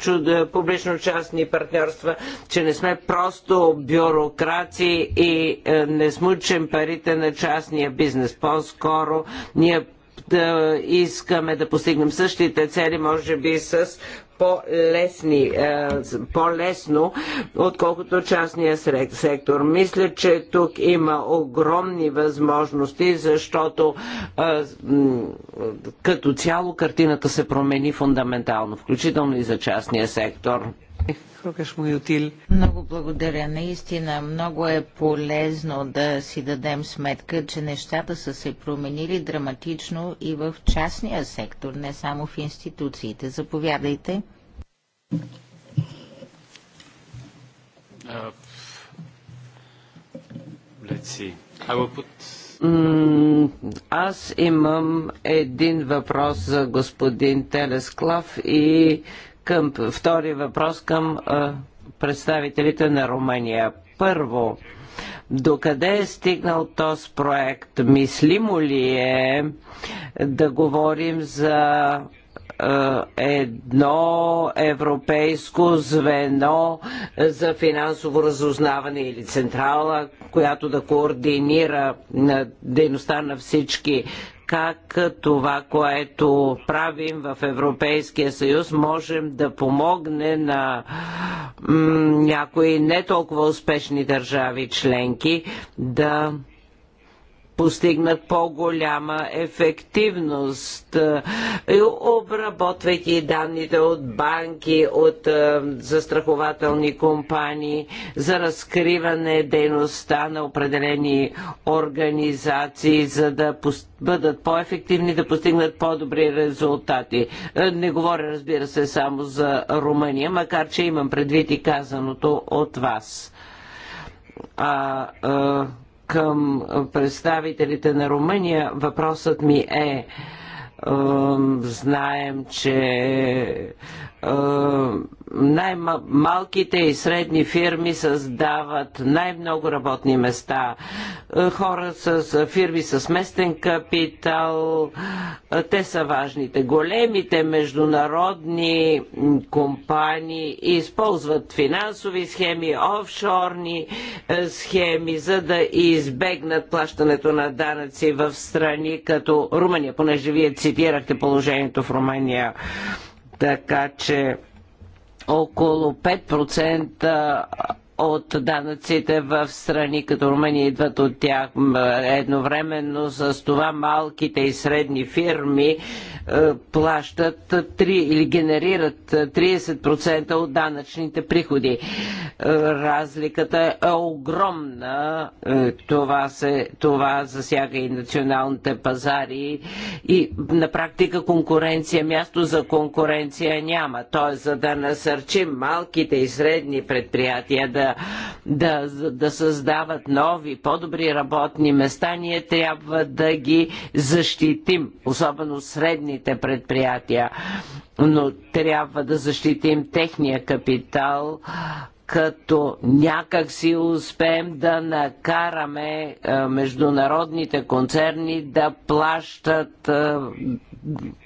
публично-частни партньорства, че не сме просто бюрокрации и е, не смучим парите на частния бизнес. По-скоро ние да е, искаме да постигнем същите цели, може би с по-лесни, е, по-лесно, отколкото частния сектор. Мисля, че тук има огромни възможности, защото е, като цяло картината се промени фундаментално, включително и за частния сектор. Много благодаря. Наистина много е полезно да си дадем сметка, че нещата са се променили драматично и в частния сектор, не само в институциите. Заповядайте. Uh, let's see. I will put аз имам един въпрос за господин Телесклав и към втори въпрос към а, представителите на Румъния. Първо, докъде е стигнал този проект? Мислимо ли е да говорим за едно европейско звено за финансово разузнаване или централа, която да координира дейността на всички как това, което правим в Европейския съюз, можем да помогне на някои не толкова успешни държави членки да постигнат по-голяма ефективност, е, обработвайки данните от банки, от е, застрахователни компании за разкриване дейността на определени организации, за да бъдат по-ефективни, да постигнат по-добри резултати. Е, не говоря, разбира се, само за Румъния, макар че имам предвид и казаното от вас. А, а към представителите на Румъния, въпросът ми е знаем, че е, най-малките и средни фирми създават най-много работни места. Е, хора с фирми с местен капитал, е, те са важните. Големите международни компании използват финансови схеми, офшорни схеми, за да избегнат плащането на данъци в страни като Румъния, понеже вие цитирахте положението в Румъния. Така че около 5% от данъците в страни като Румъния идват от тях. Едновременно с това малките и средни фирми е, плащат 3 или генерират 30% от данъчните приходи. Е, разликата е огромна. Е, това, се, това засяга и националните пазари и на практика конкуренция, място за конкуренция няма. Тоест, за да насърчим малките и средни предприятия да да, да, създават нови, по-добри работни места, ние трябва да ги защитим, особено средните предприятия. Но трябва да защитим техния капитал, като някак си успеем да накараме е, международните концерни да плащат е,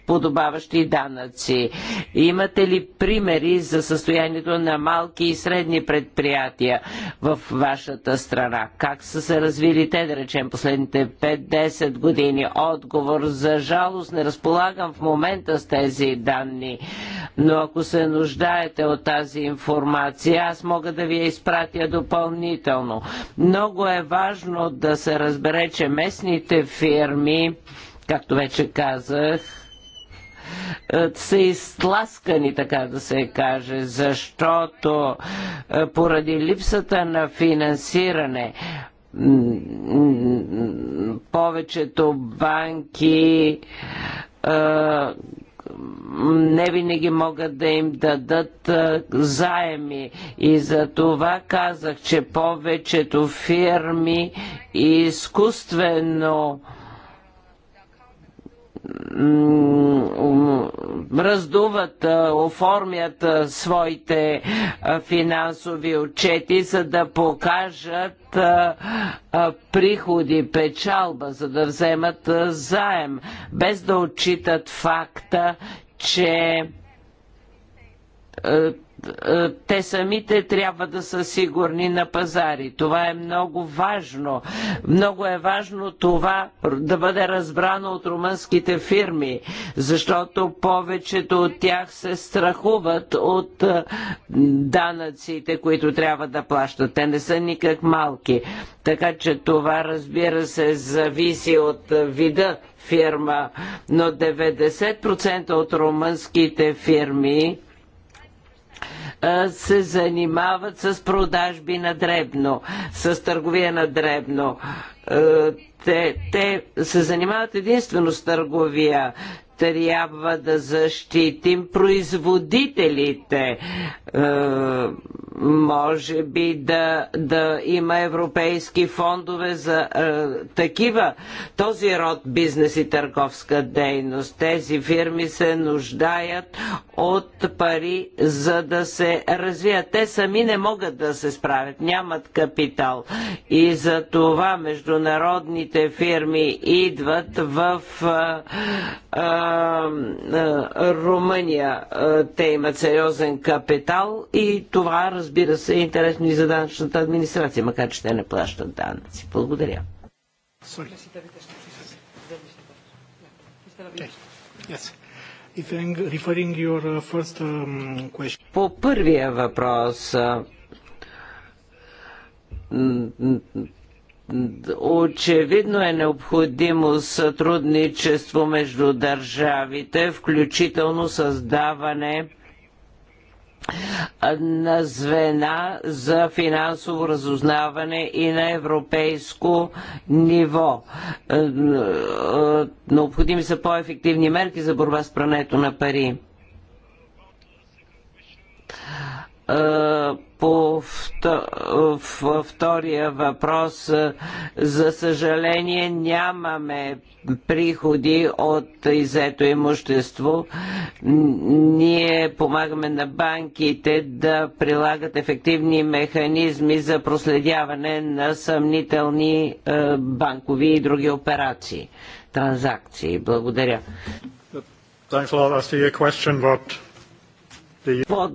подобаващи данъци. Имате ли примери за състоянието на малки и средни предприятия в вашата страна? Как са се развили те, да речем, последните 5-10 години? Отговор за жалост не разполагам в момента с тези данни, но ако се нуждаете от тази информация, аз мога да ви я изпратя допълнително. Много е важно да се разбере, че местните фирми, както вече казах, е, са изтласкани, така да се каже, защото е, поради липсата на финансиране повечето банки е, не винаги могат да им дадат заеми. И за това казах, че повечето фирми изкуствено раздуват, оформят своите финансови отчети, за да покажат приходи, печалба, за да вземат заем, без да отчитат факта, че е, те самите трябва да са сигурни на пазари. Това е много важно. Много е важно това да бъде разбрано от румънските фирми, защото повечето от тях се страхуват от е, данъците, които трябва да плащат. Те не са никак малки. Така че това, разбира се, зависи от вида фирма, но 90% от румънските фирми се занимават с продажби на дребно, с търговия на дребно те, те се занимават единствено с търговия трябва да защитим производителите. Е, може би да, да има европейски фондове за е, такива този род бизнес и търговска дейност. Тези фирми се нуждаят от пари, за да се развият. Те сами не могат да се справят, нямат капитал. И за това международните фирми идват в е, е Румъния. Те имат сериозен капитал и това, разбира се, е интересно и за данъчната администрация, макар че те не плащат данъци. Благодаря. По първия въпрос, Очевидно е необходимо сътрудничество между държавите, включително създаване на звена за финансово разузнаване и на европейско ниво. Е, е, необходими са по-ефективни мерки за борба с прането на пари е, по втория въпрос, за съжаление нямаме приходи от изето имущество. Ние помагаме на банките да прилагат ефективни механизми за проследяване на съмнителни е, банкови и други операции, транзакции. Благодаря. Thanks a lot. question, but под,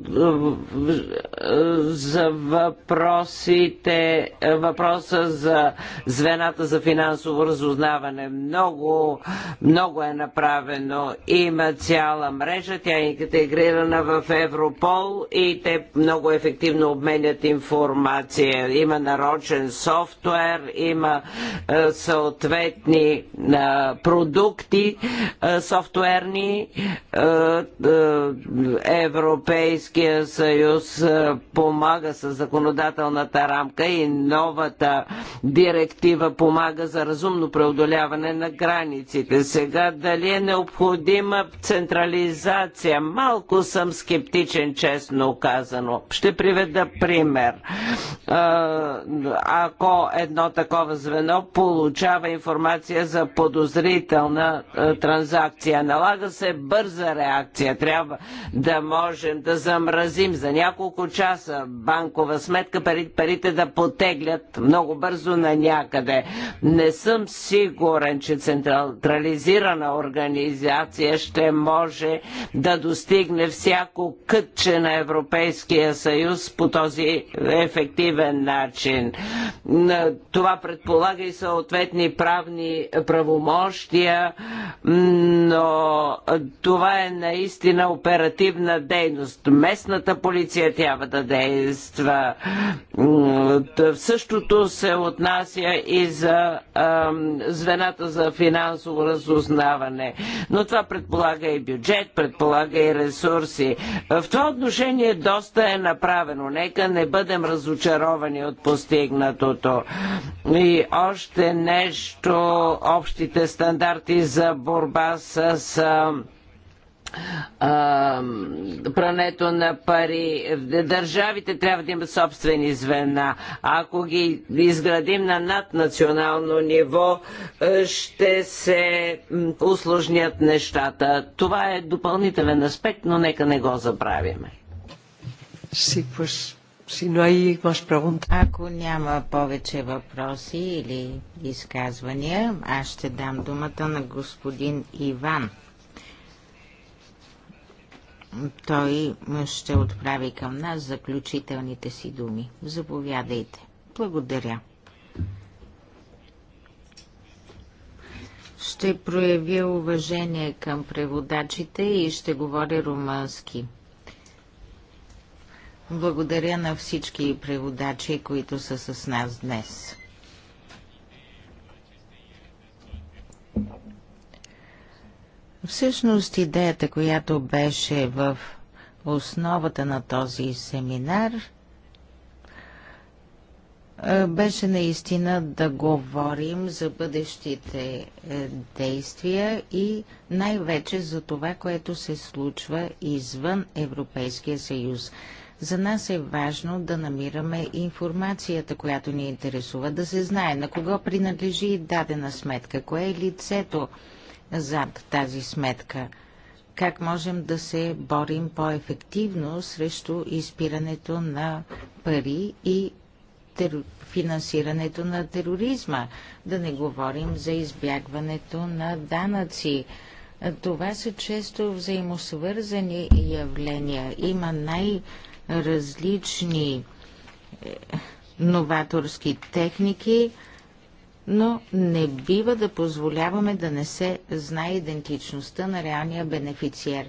за въпросите, въпроса за звената за финансово разузнаване. Много, много е направено. Има цяла мрежа, тя е интегрирана в Европол и те много ефективно обменят информация. Има нарочен софтуер, има е, съответни е, продукти е, софтуерни Европол Европейския съюз помага с законодателната рамка и новата директива помага за разумно преодоляване на границите. Сега дали е необходима централизация? Малко съм скептичен, честно казано. Ще приведа пример. Ако едно такова звено получава информация за подозрителна транзакция, налага се бърза реакция. Трябва да може можем да замразим за няколко часа банкова сметка, парите да потеглят много бързо на някъде. Не съм сигурен, че централизирана организация ще може да достигне всяко кътче на Европейския съюз по този ефективен начин. Това предполага и съответни правни правомощия, но това е наистина оперативна дейност дейност. Местната полиция трябва да действа. Същото се отнася и за звената за финансово разузнаване. Но това предполага и бюджет, предполага и ресурси. В това отношение доста е направено. Нека не бъдем разочаровани от постигнатото. И още нещо, общите стандарти за борба с прането на пари. Държавите трябва да имат собствени звена. Ако ги изградим на наднационално ниво, ще се усложнят нещата. Това е допълнителен аспект, но нека не го забравяме. Sí, pues, si no hay más Ако няма повече въпроси или изказвания, аз ще дам думата на господин Иван той ще отправи към нас заключителните си думи. Заповядайте. Благодаря. Ще проявя уважение към преводачите и ще говоря румънски. Благодаря на всички преводачи, които са с нас днес. Всъщност идеята, която беше в основата на този семинар, е, беше наистина да говорим за бъдещите е, действия и най-вече за това, което се случва извън Европейския съюз. За нас е важно да намираме информацията, която ни интересува, да се знае на кого принадлежи дадена сметка, кое е лицето, зад тази сметка? Как можем да се борим по-ефективно срещу изпирането на пари и тер... финансирането на тероризма? Да не говорим за избягването на данъци. Това са често взаимосвързани явления. Има най-различни е, новаторски техники, но не бива да позволяваме да не се знае идентичността на реалния бенефициер.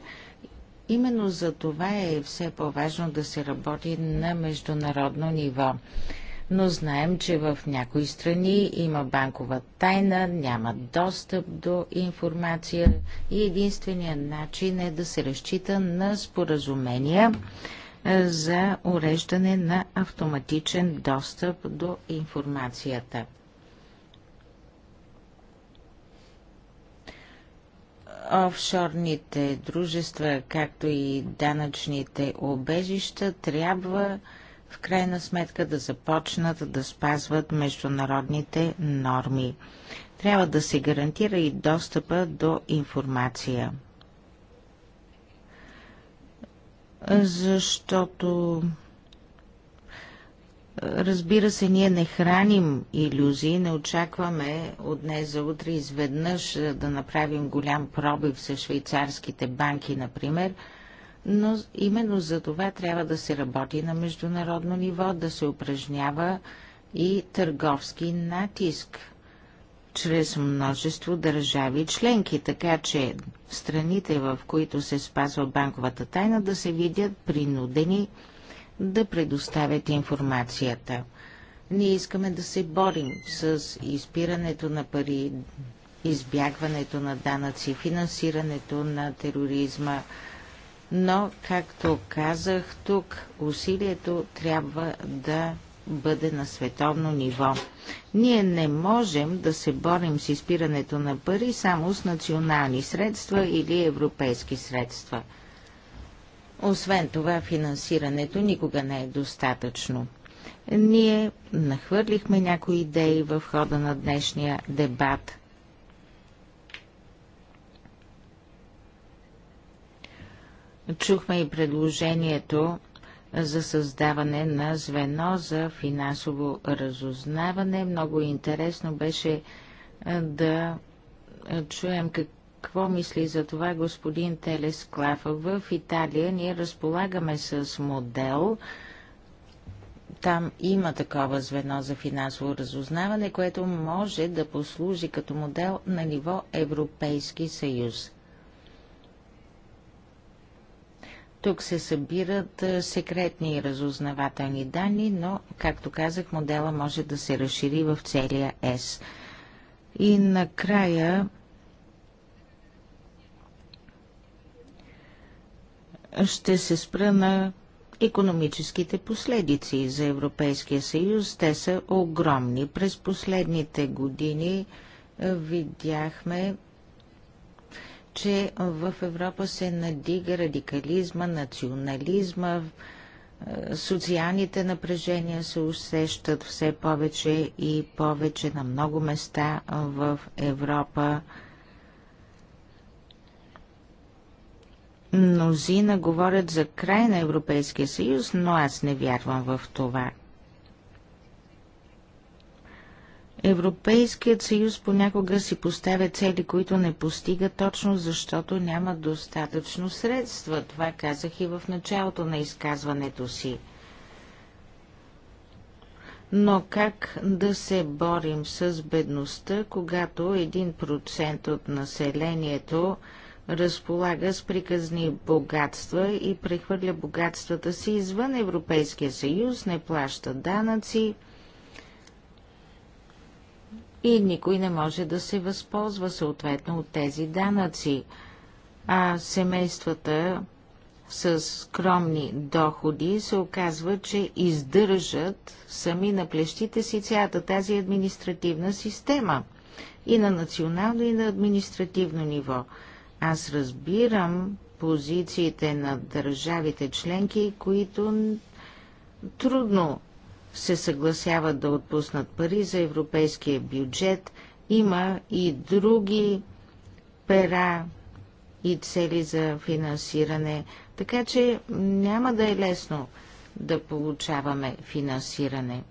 Именно за това е все по-важно да се работи на международно ниво. Но знаем, че в някои страни има банкова тайна, няма достъп до информация и единственият начин е да се разчита на споразумения е, за уреждане на автоматичен достъп до информацията. Офшорните дружества, както и данъчните обежища, трябва в крайна сметка да започнат да спазват международните норми. Трябва да се гарантира и достъпа до информация. Защото Разбира се, ние не храним иллюзии, не очакваме от днес за утре изведнъж да направим голям пробив с швейцарските банки, например, но именно за това трябва да се работи на международно ниво, да се упражнява и търговски натиск чрез множество държави членки, така че страните, в които се спазва банковата тайна, да се видят принудени да предоставят информацията. Ние искаме да се борим с изпирането на пари, избягването на данъци, финансирането на тероризма, но, както казах, тук усилието трябва да бъде на световно ниво. Ние не можем да се борим с изпирането на пари само с национални средства или европейски средства. Освен това, финансирането никога не е достатъчно. Ние нахвърлихме някои идеи в хода на днешния дебат. Чухме и предложението за създаване на звено за финансово разузнаване. Много интересно беше да чуем как, какво мисли за това господин Телесклафа? В Италия ние разполагаме с модел, там има такова звено за финансово разузнаване, което може да послужи като модел на ниво Европейски съюз. Тук се събират е, секретни разузнавателни данни, но, както казах, модела може да се разшири в целия ЕС. И накрая ще се спра на економическите последици за Европейския съюз. Те са огромни. През последните години е, видяхме, че в Европа се надига радикализма, национализма, е, социалните напрежения се усещат все повече и повече на много места в Европа. Мнозина говорят за край на Европейския съюз, но аз не вярвам в това. Европейският съюз понякога си поставя цели, които не постига точно защото няма достатъчно средства. Това казах и в началото на изказването си. Но как да се борим с бедността, когато 1% от населението разполага с приказни богатства и прехвърля богатствата си извън Европейския съюз, не плаща данъци и никой не може да се възползва съответно от тези данъци. А семействата с скромни доходи се оказва, че издържат сами на плещите си цялата тази административна система и на национално и на административно ниво – аз разбирам позициите на държавите членки, които трудно се съгласяват да отпуснат пари за европейския бюджет. Има и други пера и цели за финансиране, така че няма да е лесно да получаваме финансиране.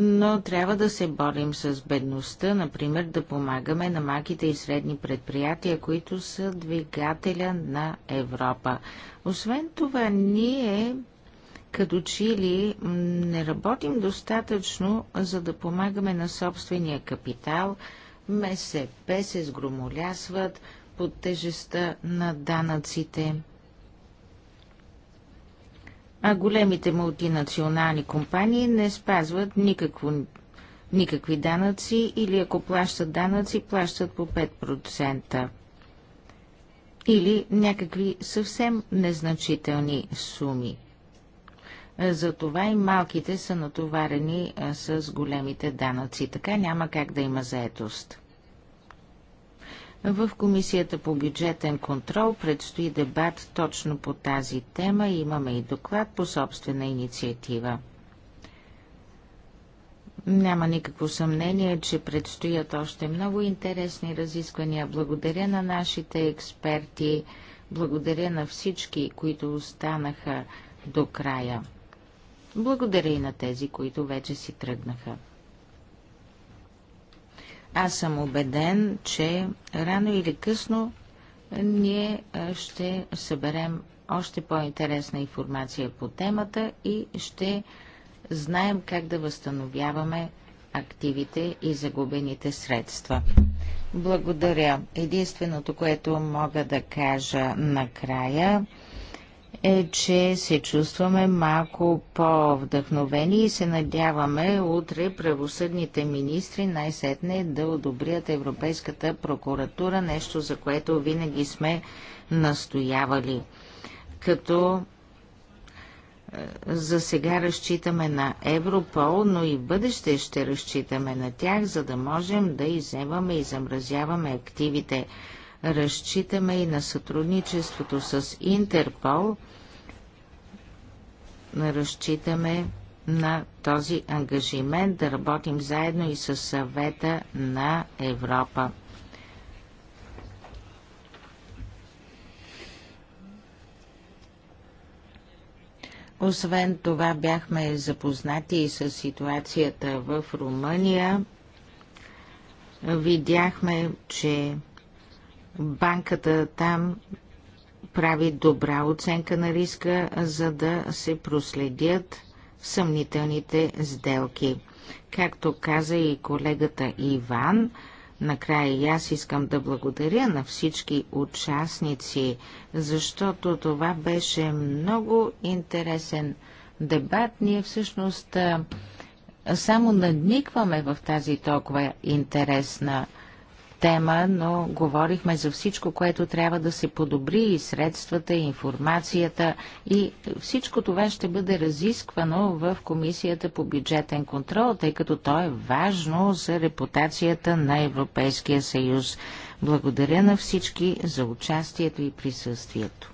но трябва да се борим с бедността, например да помагаме на малките и средни предприятия, които са двигателя на Европа. Освен това, ние като чили не работим достатъчно, за да помагаме на собствения капитал, МСП се сгромолясват под тежестта на данъците – а големите мултинационални компании не спазват никакво, никакви данъци или ако плащат данъци, плащат по 5% или някакви съвсем незначителни суми. Затова и малките са натоварени с големите данъци. Така няма как да има заетост. В Комисията по бюджетен контрол предстои дебат точно по тази тема и имаме и доклад по собствена инициатива. Няма никакво съмнение, че предстоят още много интересни разисквания. Благодаря на нашите експерти, благодаря на всички, които останаха до края. Благодаря и на тези, които вече си тръгнаха. Аз съм убеден, че рано или късно ние ще съберем още по-интересна информация по темата и ще знаем как да възстановяваме активите и загубените средства. Благодаря. Единственото, което мога да кажа накрая, е, че се чувстваме малко по-вдъхновени и се надяваме утре правосъдните министри най-сетне да одобрят Европейската прокуратура, нещо за което винаги сме настоявали. Като е, за сега разчитаме на Европол, но и в бъдеще ще разчитаме на тях, за да можем да иземаме и замразяваме активите. Разчитаме и на сътрудничеството с Интерпол. Разчитаме на този ангажимент да работим заедно и с съвета на Европа. Освен това бяхме запознати и с ситуацията в Румъния. Видяхме, че банката там прави добра оценка на риска, за да се проследят съмнителните сделки. Както каза и колегата Иван, накрая и аз искам да благодаря на всички участници, защото това беше много интересен дебат. Ние всъщност само надникваме в тази толкова интересна тема, но говорихме за всичко, което трябва да се подобри и средствата, и информацията и всичко това ще бъде разисквано в Комисията по бюджетен контрол, тъй като то е важно за репутацията на Европейския съюз. Благодаря на всички за участието и присъствието.